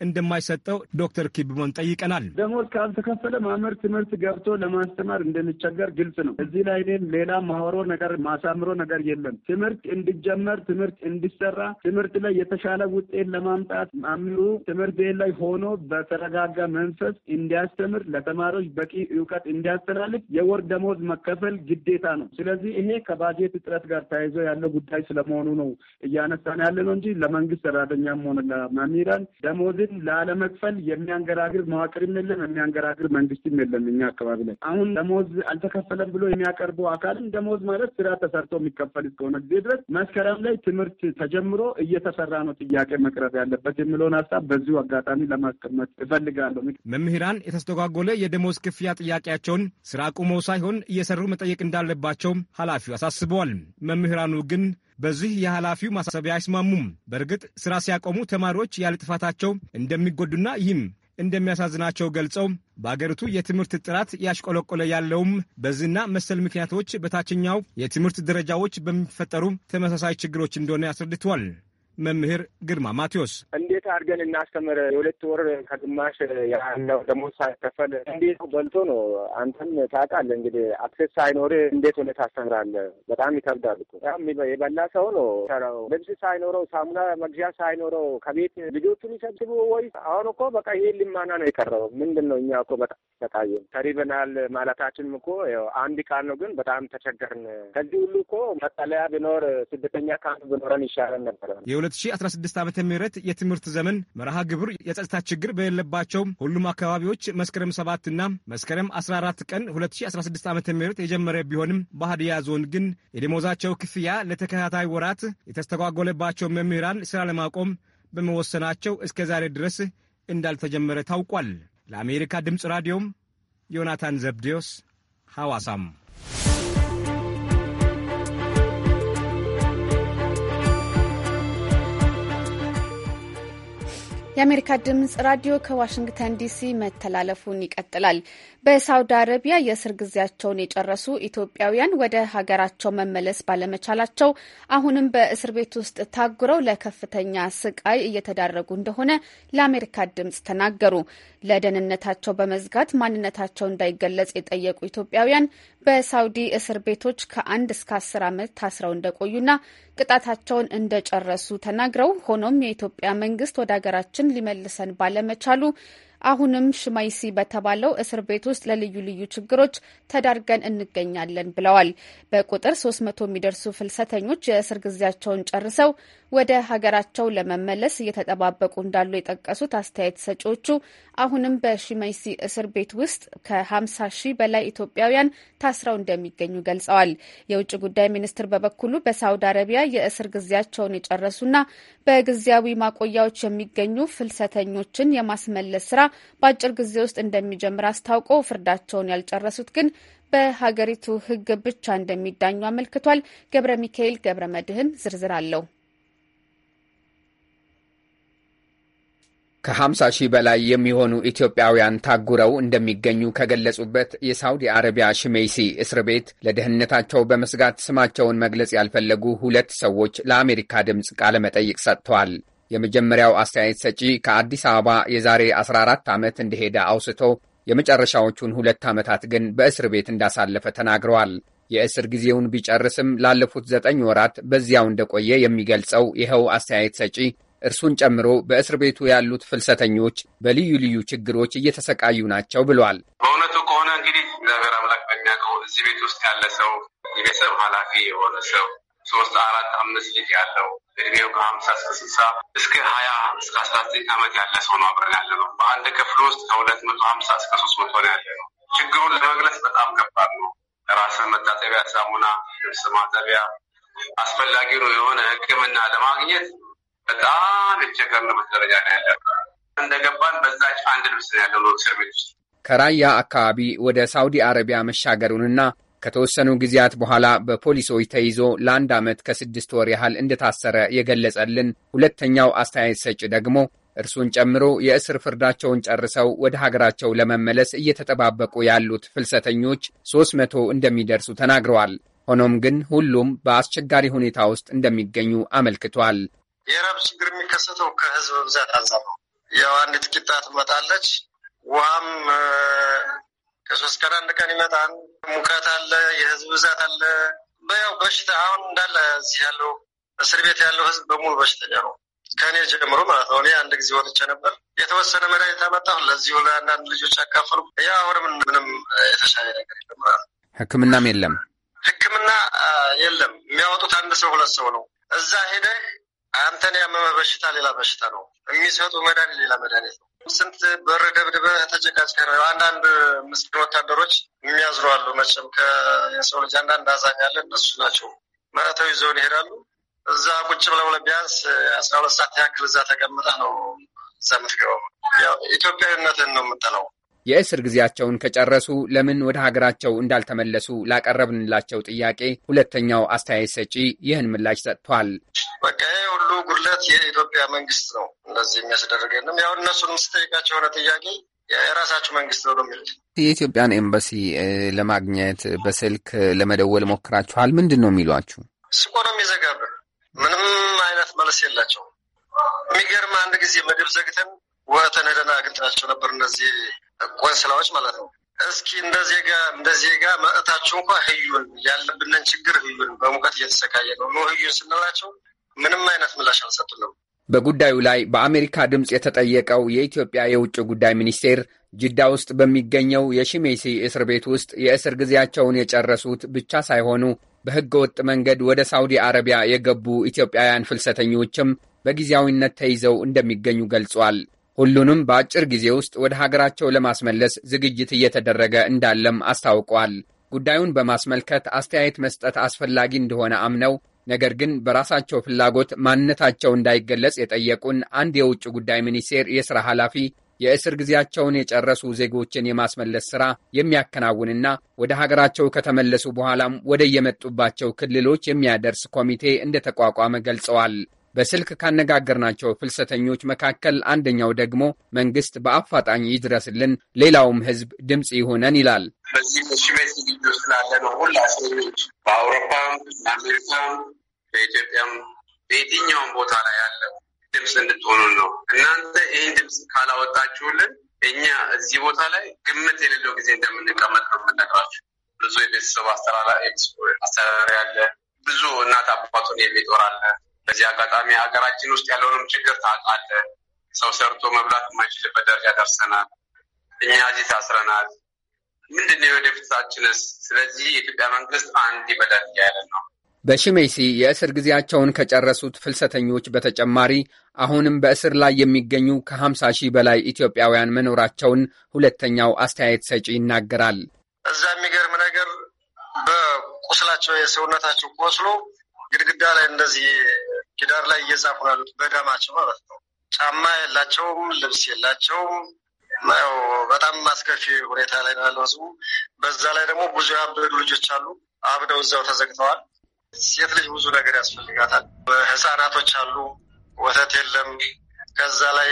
እንደማይሰጠው ዶክተር ኪብቦን ጠይቀናል። ደሞዝ ካልተከፈለ መምህር ትምህርት ገብቶ ለማስተማር እንደሚቸገር ግልጽ ነው። እዚህ ላይ እኔም ሌላ ማህሮ ነገር ማሳምሮ ነገር የለም። ትምህርት እንዲጀመር፣ ትምህርት እንዲሰራ፣ ትምህርት ላይ የተሻለ ውጤት ለማምጣት መምህሩ ትምህርት ቤት ላይ ሆኖ በተረጋጋ መንፈስ እንዲያስተምር፣ ለተማሪዎች በቂ እውቀት እንዲያስተላልፍ የወር ደሞዝ መከፈል ግዴታ ነው። ስለዚህ ይሄ ከባጀት እጥረት ጋር ተያይዞ ያለው ጉዳይ ስለመሆኑ ነው እያነሳን ያለ ነው እንጂ ለመንግስት ሰራተኛም ሆነ ለመምህራን ደሞዝን ላለመክፈል የሚያንገራግር መዋቅርም የለም፣ የሚያንገራግር መንግስትም የለም። እኛ አካባቢ ላይ አሁን ደሞዝ አልተከፈለም ብሎ የሚያቀርበው አካልም ደሞዝ ማለት ስራ ተሰርቶ የሚከፈል እስከሆነ ጊዜ ድረስ መስከረም ላይ ትምህርት ተጀምሮ እየተሰራ ነው ጥያቄ መቅረብ ያለበት የሚለውን ሀሳብ በዚሁ አጋጣሚ ለማስቀመጥ እፈልጋለሁ። መምህራን የተስተጓጎለ የደሞዝ ክፍያ ጥያቄያቸውን ስራ አቁመው ሳይሆን እየሰሩ መጠየቅ እንዳለባቸው ኃላፊው አሳስበዋል። መምህራኑ ግን በዚህ የኃላፊው ማሳሰቢያ አይስማሙም። በእርግጥ ስራ ሲያቆሙ ተማሪዎች ያለ ጥፋታቸው እንደሚጎዱና ይህም እንደሚያሳዝናቸው ገልጸው በአገሪቱ የትምህርት ጥራት ያሽቆለቆለ ያለውም በዚህና መሰል ምክንያቶች በታችኛው የትምህርት ደረጃዎች በሚፈጠሩ ተመሳሳይ ችግሮች እንደሆነ አስረድተዋል። መምህር ግርማ ማቴዎስ እንዴት አድርገን እናስተምር? የሁለት ወር ከግማሽ ያለው ደሞዝ ሳይከፈል እንዴት በልቶ ነው? አንተም ታውቃለህ እንግዲህ አክሴስ ሳይኖር እንዴት ሆነ ታስተምራለህ? በጣም ይከብዳል እኮ የበላ ሰው ነው ሰራው። ልብስ ሳይኖረው ሳሙና መግዣ ሳይኖረው ከቤት ልጆቹን ይሰብስቡ ወይ? አሁን እኮ በቃ ይሄ ልማና ነው የቀረበው። ምንድን ነው እኛ እኮ በጣም ተጣየ ተሪበናል ማለታችንም እኮ አንድ ቃል ነው፣ ግን በጣም ተቸገርን። ከዚህ ሁሉ እኮ መጠለያ ቢኖር ስደተኛ ካምፕ ብኖረን ይሻለን ነበረ። 2016 ዓ ም የትምህርት ዘመን መርሃ ግብር የጸጥታ ችግር በሌለባቸው ሁሉም አካባቢዎች መስከረም 7 እና መስከረም 14 ቀን 2016 ዓ ም የጀመረ ቢሆንም በሀዲያ ዞን ግን የደሞዛቸው ክፍያ ለተከታታይ ወራት የተስተጓጎለባቸው መምህራን ስራ ለማቆም በመወሰናቸው እስከ ዛሬ ድረስ እንዳልተጀመረ ታውቋል። ለአሜሪካ ድምፅ ራዲዮም ዮናታን ዘብዴዎስ ሐዋሳም የአሜሪካ ድምፅ ራዲዮ ከዋሽንግተን ዲሲ መተላለፉን ይቀጥላል። በሳውዲ አረቢያ የእስር ጊዜያቸውን የጨረሱ ኢትዮጵያውያን ወደ ሀገራቸው መመለስ ባለመቻላቸው አሁንም በእስር ቤት ውስጥ ታጉረው ለከፍተኛ ስቃይ እየተዳረጉ እንደሆነ ለአሜሪካ ድምጽ ተናገሩ። ለደህንነታቸው በመዝጋት ማንነታቸው እንዳይገለጽ የጠየቁ ኢትዮጵያውያን በሳውዲ እስር ቤቶች ከአንድ እስከ አስር ዓመት ታስረው እንደቆዩና ቅጣታቸውን እንደጨረሱ ተናግረው ሆኖም የኢትዮጵያ መንግስት ወደ ሀገራችን ሊመልሰን ባለመቻሉ አሁንም ሽማይሲ በተባለው እስር ቤት ውስጥ ለልዩ ልዩ ችግሮች ተዳርገን እንገኛለን ብለዋል። በቁጥር 300 የሚደርሱ ፍልሰተኞች የእስር ጊዜያቸውን ጨርሰው ወደ ሀገራቸው ለመመለስ እየተጠባበቁ እንዳሉ የጠቀሱት አስተያየት ሰጪዎቹ አሁንም በሺመይሲ እስር ቤት ውስጥ ከ50 ሺህ በላይ ኢትዮጵያውያን ታስረው እንደሚገኙ ገልጸዋል። የውጭ ጉዳይ ሚኒስትር በበኩሉ በሳውዲ አረቢያ የእስር ጊዜያቸውን የጨረሱና በጊዜያዊ ማቆያዎች የሚገኙ ፍልሰተኞችን የማስመለስ ስራ በአጭር ጊዜ ውስጥ እንደሚጀምር አስታውቆ ፍርዳቸውን ያልጨረሱት ግን በሀገሪቱ ሕግ ብቻ እንደሚዳኙ አመልክቷል። ገብረ ሚካኤል ገብረ መድህን ዝርዝር አለው። ከ50 ሺህ በላይ የሚሆኑ ኢትዮጵያውያን ታጉረው እንደሚገኙ ከገለጹበት የሳውዲ አረቢያ ሽሜይሲ እስር ቤት ለደህንነታቸው በመስጋት ስማቸውን መግለጽ ያልፈለጉ ሁለት ሰዎች ለአሜሪካ ድምፅ ቃለመጠይቅ ሰጥተዋል። የመጀመሪያው አስተያየት ሰጪ ከአዲስ አበባ የዛሬ 14 ዓመት እንደሄደ አውስቶ የመጨረሻዎቹን ሁለት ዓመታት ግን በእስር ቤት እንዳሳለፈ ተናግረዋል። የእስር ጊዜውን ቢጨርስም ላለፉት ዘጠኝ ወራት በዚያው እንደቆየ የሚገልጸው ይኸው አስተያየት ሰጪ እርሱን ጨምሮ በእስር ቤቱ ያሉት ፍልሰተኞች በልዩ ልዩ ችግሮች እየተሰቃዩ ናቸው ብሏል። በእውነቱ ከሆነ እንግዲህ እግዚአብሔር አምላክ በሚያውቀው እዚህ ቤት ውስጥ ያለ ሰው የቤተሰብ ኃላፊ የሆነ ሰው ሶስት አራት አምስት ልጅ ያለው እድሜው ከሀምሳ እስከ ስልሳ እስከ ሀያ እስከ አስራ ዘጠኝ ዓመት ያለ ሰው ነው አብረን ያለ ነው። በአንድ ክፍል ውስጥ ከሁለት መቶ ሀምሳ እስከ ሶስት መቶ ነው ያለ ነው። ችግሩን ለመግለጽ በጣም ከባድ ነው። ራስን መታጠቢያ ሳሙና፣ ልብስ ማጠቢያ፣ አስፈላጊ ነው የሆነ ሕክምና ለማግኘት በጣም የተቸገርንበት ደረጃ ነው ያለ። እንደገባን በዛች አንድ ልብስ ነው ያለው እስር ቤት ውስጥ። ከራያ አካባቢ ወደ ሳውዲ አረቢያ መሻገሩንና ከተወሰኑ ጊዜያት በኋላ በፖሊሶች ተይዞ ለአንድ ዓመት ከስድስት ወር ያህል እንደታሰረ የገለጸልን ሁለተኛው አስተያየት ሰጪ ደግሞ እርሱን ጨምሮ የእስር ፍርዳቸውን ጨርሰው ወደ ሀገራቸው ለመመለስ እየተጠባበቁ ያሉት ፍልሰተኞች ሦስት መቶ እንደሚደርሱ ተናግረዋል። ሆኖም ግን ሁሉም በአስቸጋሪ ሁኔታ ውስጥ እንደሚገኙ አመልክቷል። የራብ ችግር የሚከሰተው ከህዝብ ብዛት አንጻር ነው። ያው አንድ ጥቂት ጣት ትመጣለች። ውሃም ከሶስት ቀን አንድ ቀን ይመጣል። ሙቀት አለ፣ የህዝብ ብዛት አለ። በያው በሽታ አሁን እንዳለ እዚህ ያለው እስር ቤት ያለው ህዝብ በሙሉ በሽተኛ ነው። ከእኔ ጀምሮ ማለት ነው። እኔ አንድ ጊዜ ወጥቼ ነበር። የተወሰነ መድኃኒት አመጣሁ፣ ለዚሁ ለአንዳንድ ልጆች አካፍሉ። ያ አሁንም ምንም የተሻለ ነገር የለም ህክምናም የለም፣ ህክምና የለም። የሚያወጡት አንድ ሰው ሁለት ሰው ነው። እዛ ሄደህ አንተን ያመመ በሽታ ሌላ በሽታ ነው። የሚሰጡ መድኃኒት ሌላ መድኃኒት ነው። ስንት በር ደብድበ ተጨቃጭ ከ አንዳንድ ምስኪን ወታደሮች የሚያዝሩ አሉ። መቼም የሰው ልጅ አንዳንድ አዛኝ አለ። እነሱ ናቸው መረተው ይዘውን ይሄዳሉ። እዛ ቁጭ ብለው ለቢያንስ አስራ ሁለት ሰዓት ያክል እዛ ተቀምጠ ነው እዛ የምትገባው። ኢትዮጵያዊነትን ነው የምጠላው። የእስር ጊዜያቸውን ከጨረሱ ለምን ወደ ሀገራቸው እንዳልተመለሱ ላቀረብንላቸው ጥያቄ ሁለተኛው አስተያየት ሰጪ ይህን ምላሽ ሰጥቷል። በቃ ይህ ሁሉ ጉድለት የኢትዮጵያ መንግስት ነው እንደዚህ የሚያስደርገንም። ያው እነሱን ስጠይቃቸው የሆነ ጥያቄ የራሳቸው መንግስት ነው የሚሉት። የኢትዮጵያን ኤምባሲ ለማግኘት በስልክ ለመደወል ሞክራችኋል? ምንድን ነው የሚሏችሁ? ስቆ ነው የሚዘጋብን። ምንም አይነት መልስ የላቸውም። የሚገርም አንድ ጊዜ ምግብ ዘግተን ወተን ሄደን አግኝተናቸው ነበር እነዚህ ቆንስላዎች ማለት ነው። እስኪ እንደ ዜጋ እንደ ዜጋ መእታችሁ እንኳ ህዩን ያለብንን ችግር ህዩን በሙቀት እየተሰቃየ ነው ኖ ህዩን ስንላቸው ምንም አይነት ምላሽ አልሰጡንም። በጉዳዩ ላይ በአሜሪካ ድምፅ የተጠየቀው የኢትዮጵያ የውጭ ጉዳይ ሚኒስቴር ጅዳ ውስጥ በሚገኘው የሺሜሲ እስር ቤት ውስጥ የእስር ጊዜያቸውን የጨረሱት ብቻ ሳይሆኑ በሕገ ወጥ መንገድ ወደ ሳውዲ አረቢያ የገቡ ኢትዮጵያውያን ፍልሰተኞችም በጊዜያዊነት ተይዘው እንደሚገኙ ገልጿል። ሁሉንም በአጭር ጊዜ ውስጥ ወደ ሀገራቸው ለማስመለስ ዝግጅት እየተደረገ እንዳለም አስታውቋል። ጉዳዩን በማስመልከት አስተያየት መስጠት አስፈላጊ እንደሆነ አምነው ነገር ግን በራሳቸው ፍላጎት ማንነታቸው እንዳይገለጽ የጠየቁን አንድ የውጭ ጉዳይ ሚኒስቴር የሥራ ኃላፊ የእስር ጊዜያቸውን የጨረሱ ዜጎችን የማስመለስ ሥራ የሚያከናውንና ወደ ሀገራቸው ከተመለሱ በኋላም ወደ የመጡባቸው ክልሎች የሚያደርስ ኮሚቴ እንደተቋቋመ ገልጸዋል። በስልክ ካነጋገርናቸው ፍልሰተኞች መካከል አንደኛው ደግሞ መንግስት በአፋጣኝ ይድረስልን፣ ሌላውም ህዝብ ድምፅ ይሆነን ይላል። በዚህ እሺ ቤት ዝግጁ ስላለ ነው ሁላ እስረኞች በአውሮፓም፣ በአሜሪካም፣ በኢትዮጵያም በየትኛውም ቦታ ላይ ያለው ድምፅ እንድትሆኑ ነው። እናንተ ይህን ድምፅ ካላወጣችሁልን እኛ እዚህ ቦታ ላይ ግምት የሌለው ጊዜ እንደምንቀመጥ ነው የምነግራችሁ። ብዙ የቤተሰብ አስተዳዳሪ አለ፣ ብዙ እናት አባቱን የሚጦር አለ በዚህ አጋጣሚ ሀገራችን ውስጥ ያለውንም ችግር ታውቃለህ። ሰው ሰርቶ መብላት የማይችልበት ደረጃ ደርሰናል። እኛ እዚህ ታስረናል። ምንድን ነው የወደፊታችንስ? ስለዚህ የኢትዮጵያ መንግስት አንድ ይበላል እያለ ነው። በሽሜሲ የእስር ጊዜያቸውን ከጨረሱት ፍልሰተኞች በተጨማሪ አሁንም በእስር ላይ የሚገኙ ከ50 ሺህ በላይ ኢትዮጵያውያን መኖራቸውን ሁለተኛው አስተያየት ሰጪ ይናገራል። እዛ የሚገርም ነገር በቁስላቸው የሰውነታቸው ቆስሎ ግድግዳ ላይ እንደዚህ ኪዳር ላይ እየጻፉ ያሉት በደማቸው ማለት ነው። ጫማ የላቸውም፣ ልብስ የላቸውም። በጣም አስከፊ ሁኔታ ላይ ነው ያለው ህዝቡ። በዛ ላይ ደግሞ ብዙ ያበዱ ልጆች አሉ፣ አብደው እዛው ተዘግተዋል። ሴት ልጅ ብዙ ነገር ያስፈልጋታል። ህፃናቶች አሉ፣ ወተት የለም። ከዛ ላይ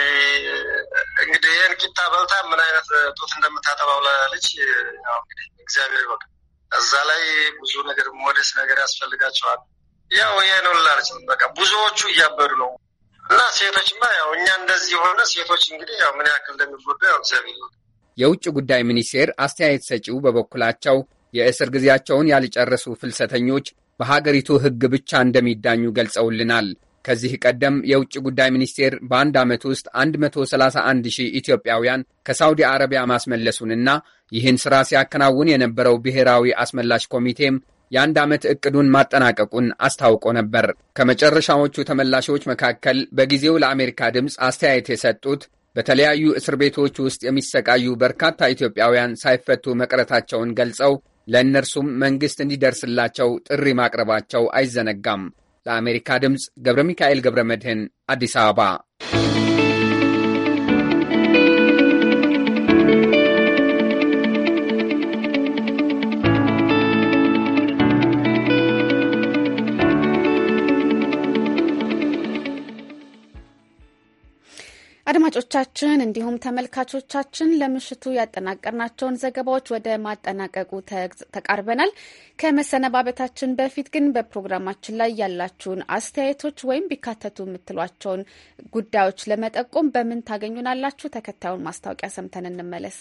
እንግዲህ ይህን ቂጣ በልታ ምን አይነት ጡት እንደምታጠባው ለልጅ እግዚአብሔር ይወቅ። እዛ ላይ ብዙ ነገር ሞዴስ ነገር ያስፈልጋቸዋል። ያው ይሄ በቃ ብዙዎቹ እያበዱ ነው እና ሴቶችማ ያው እኛ እንደዚህ የሆነ ሴቶች እንግዲህ ያው ምን ያክል እንደሚጎዱ ያው እግዚአብሔር የውጭ ጉዳይ ሚኒስቴር አስተያየት ሰጪው በበኩላቸው የእስር ጊዜያቸውን ያልጨረሱ ፍልሰተኞች በሀገሪቱ ሕግ ብቻ እንደሚዳኙ ገልጸውልናል። ከዚህ ቀደም የውጭ ጉዳይ ሚኒስቴር በአንድ ዓመት ውስጥ 131 ሺህ ኢትዮጵያውያን ከሳውዲ አረቢያ ማስመለሱንና ይህን ሥራ ሲያከናውን የነበረው ብሔራዊ አስመላሽ ኮሚቴም የአንድ ዓመት እቅዱን ማጠናቀቁን አስታውቆ ነበር። ከመጨረሻዎቹ ተመላሾች መካከል በጊዜው ለአሜሪካ ድምፅ አስተያየት የሰጡት በተለያዩ እስር ቤቶች ውስጥ የሚሰቃዩ በርካታ ኢትዮጵያውያን ሳይፈቱ መቅረታቸውን ገልጸው ለእነርሱም መንግሥት እንዲደርስላቸው ጥሪ ማቅረባቸው አይዘነጋም። ለአሜሪካ ድምፅ ገብረ ሚካኤል ገብረ መድህን አዲስ አበባ አድማጮቻችን እንዲሁም ተመልካቾቻችን ለምሽቱ ያጠናቀርናቸውን ዘገባዎች ወደ ማጠናቀቁ ተቃርበናል። ከመሰነባበታችን በፊት ግን በፕሮግራማችን ላይ ያላችሁን አስተያየቶች ወይም ቢካተቱ የምትሏቸውን ጉዳዮች ለመጠቆም በምን ታገኙናላችሁ? ተከታዩን ማስታወቂያ ሰምተን እንመለስ።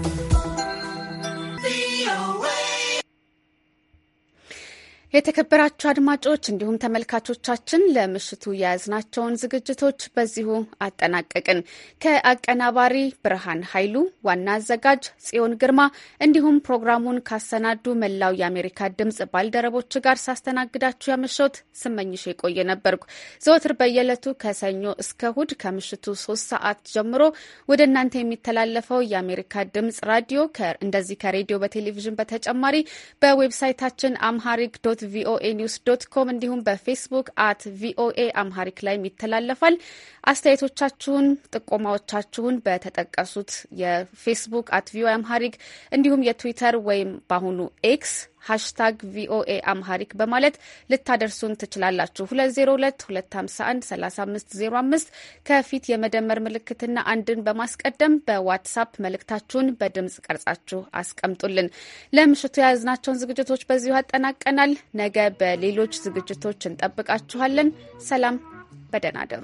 የተከበራችሁ አድማጮች እንዲሁም ተመልካቾቻችን ለምሽቱ የያዝናቸውን ዝግጅቶች በዚሁ አጠናቀቅን። ከአቀናባሪ ብርሃን ኃይሉ፣ ዋና አዘጋጅ ጽዮን ግርማ እንዲሁም ፕሮግራሙን ካሰናዱ መላው የአሜሪካ ድምጽ ባልደረቦች ጋር ሳስተናግዳችሁ ያመሸሁት ስመኝሽ የቆየ ነበርኩ። ዘወትር በየዕለቱ ከሰኞ እስከ እሁድ ከምሽቱ ሶስት ሰዓት ጀምሮ ወደ እናንተ የሚተላለፈው የአሜሪካ ድምጽ ራዲዮ እንደዚህ ከሬዲዮ በቴሌቪዥን በተጨማሪ በዌብሳይታችን አምሃሪክ ዶት ዶት ቪኦኤ ኒውስ ዶት ኮም እንዲሁም በፌስቡክ አት ቪኦኤ አምሃሪክ ላይም ይተላለፋል። አስተያየቶቻችሁን፣ ጥቆማዎቻችሁን በተጠቀሱት የፌስቡክ አት ቪኦኤ አምሃሪክ እንዲሁም የትዊተር ወይም በአሁኑ ኤክስ ሃሽታግ ቪኦኤ አምሃሪክ በማለት ልታደርሱን ትችላላችሁ። 2022513505 ከፊት የመደመር ምልክትና አንድን በማስቀደም በዋትሳፕ መልእክታችሁን በድምጽ ቀርጻችሁ አስቀምጡልን። ለምሽቱ የያዝናቸውን ዝግጅቶች በዚሁ አጠናቀናል። ነገ በሌሎች ዝግጅቶች እንጠብቃችኋለን። ሰላም፣ በደህና አደሩ።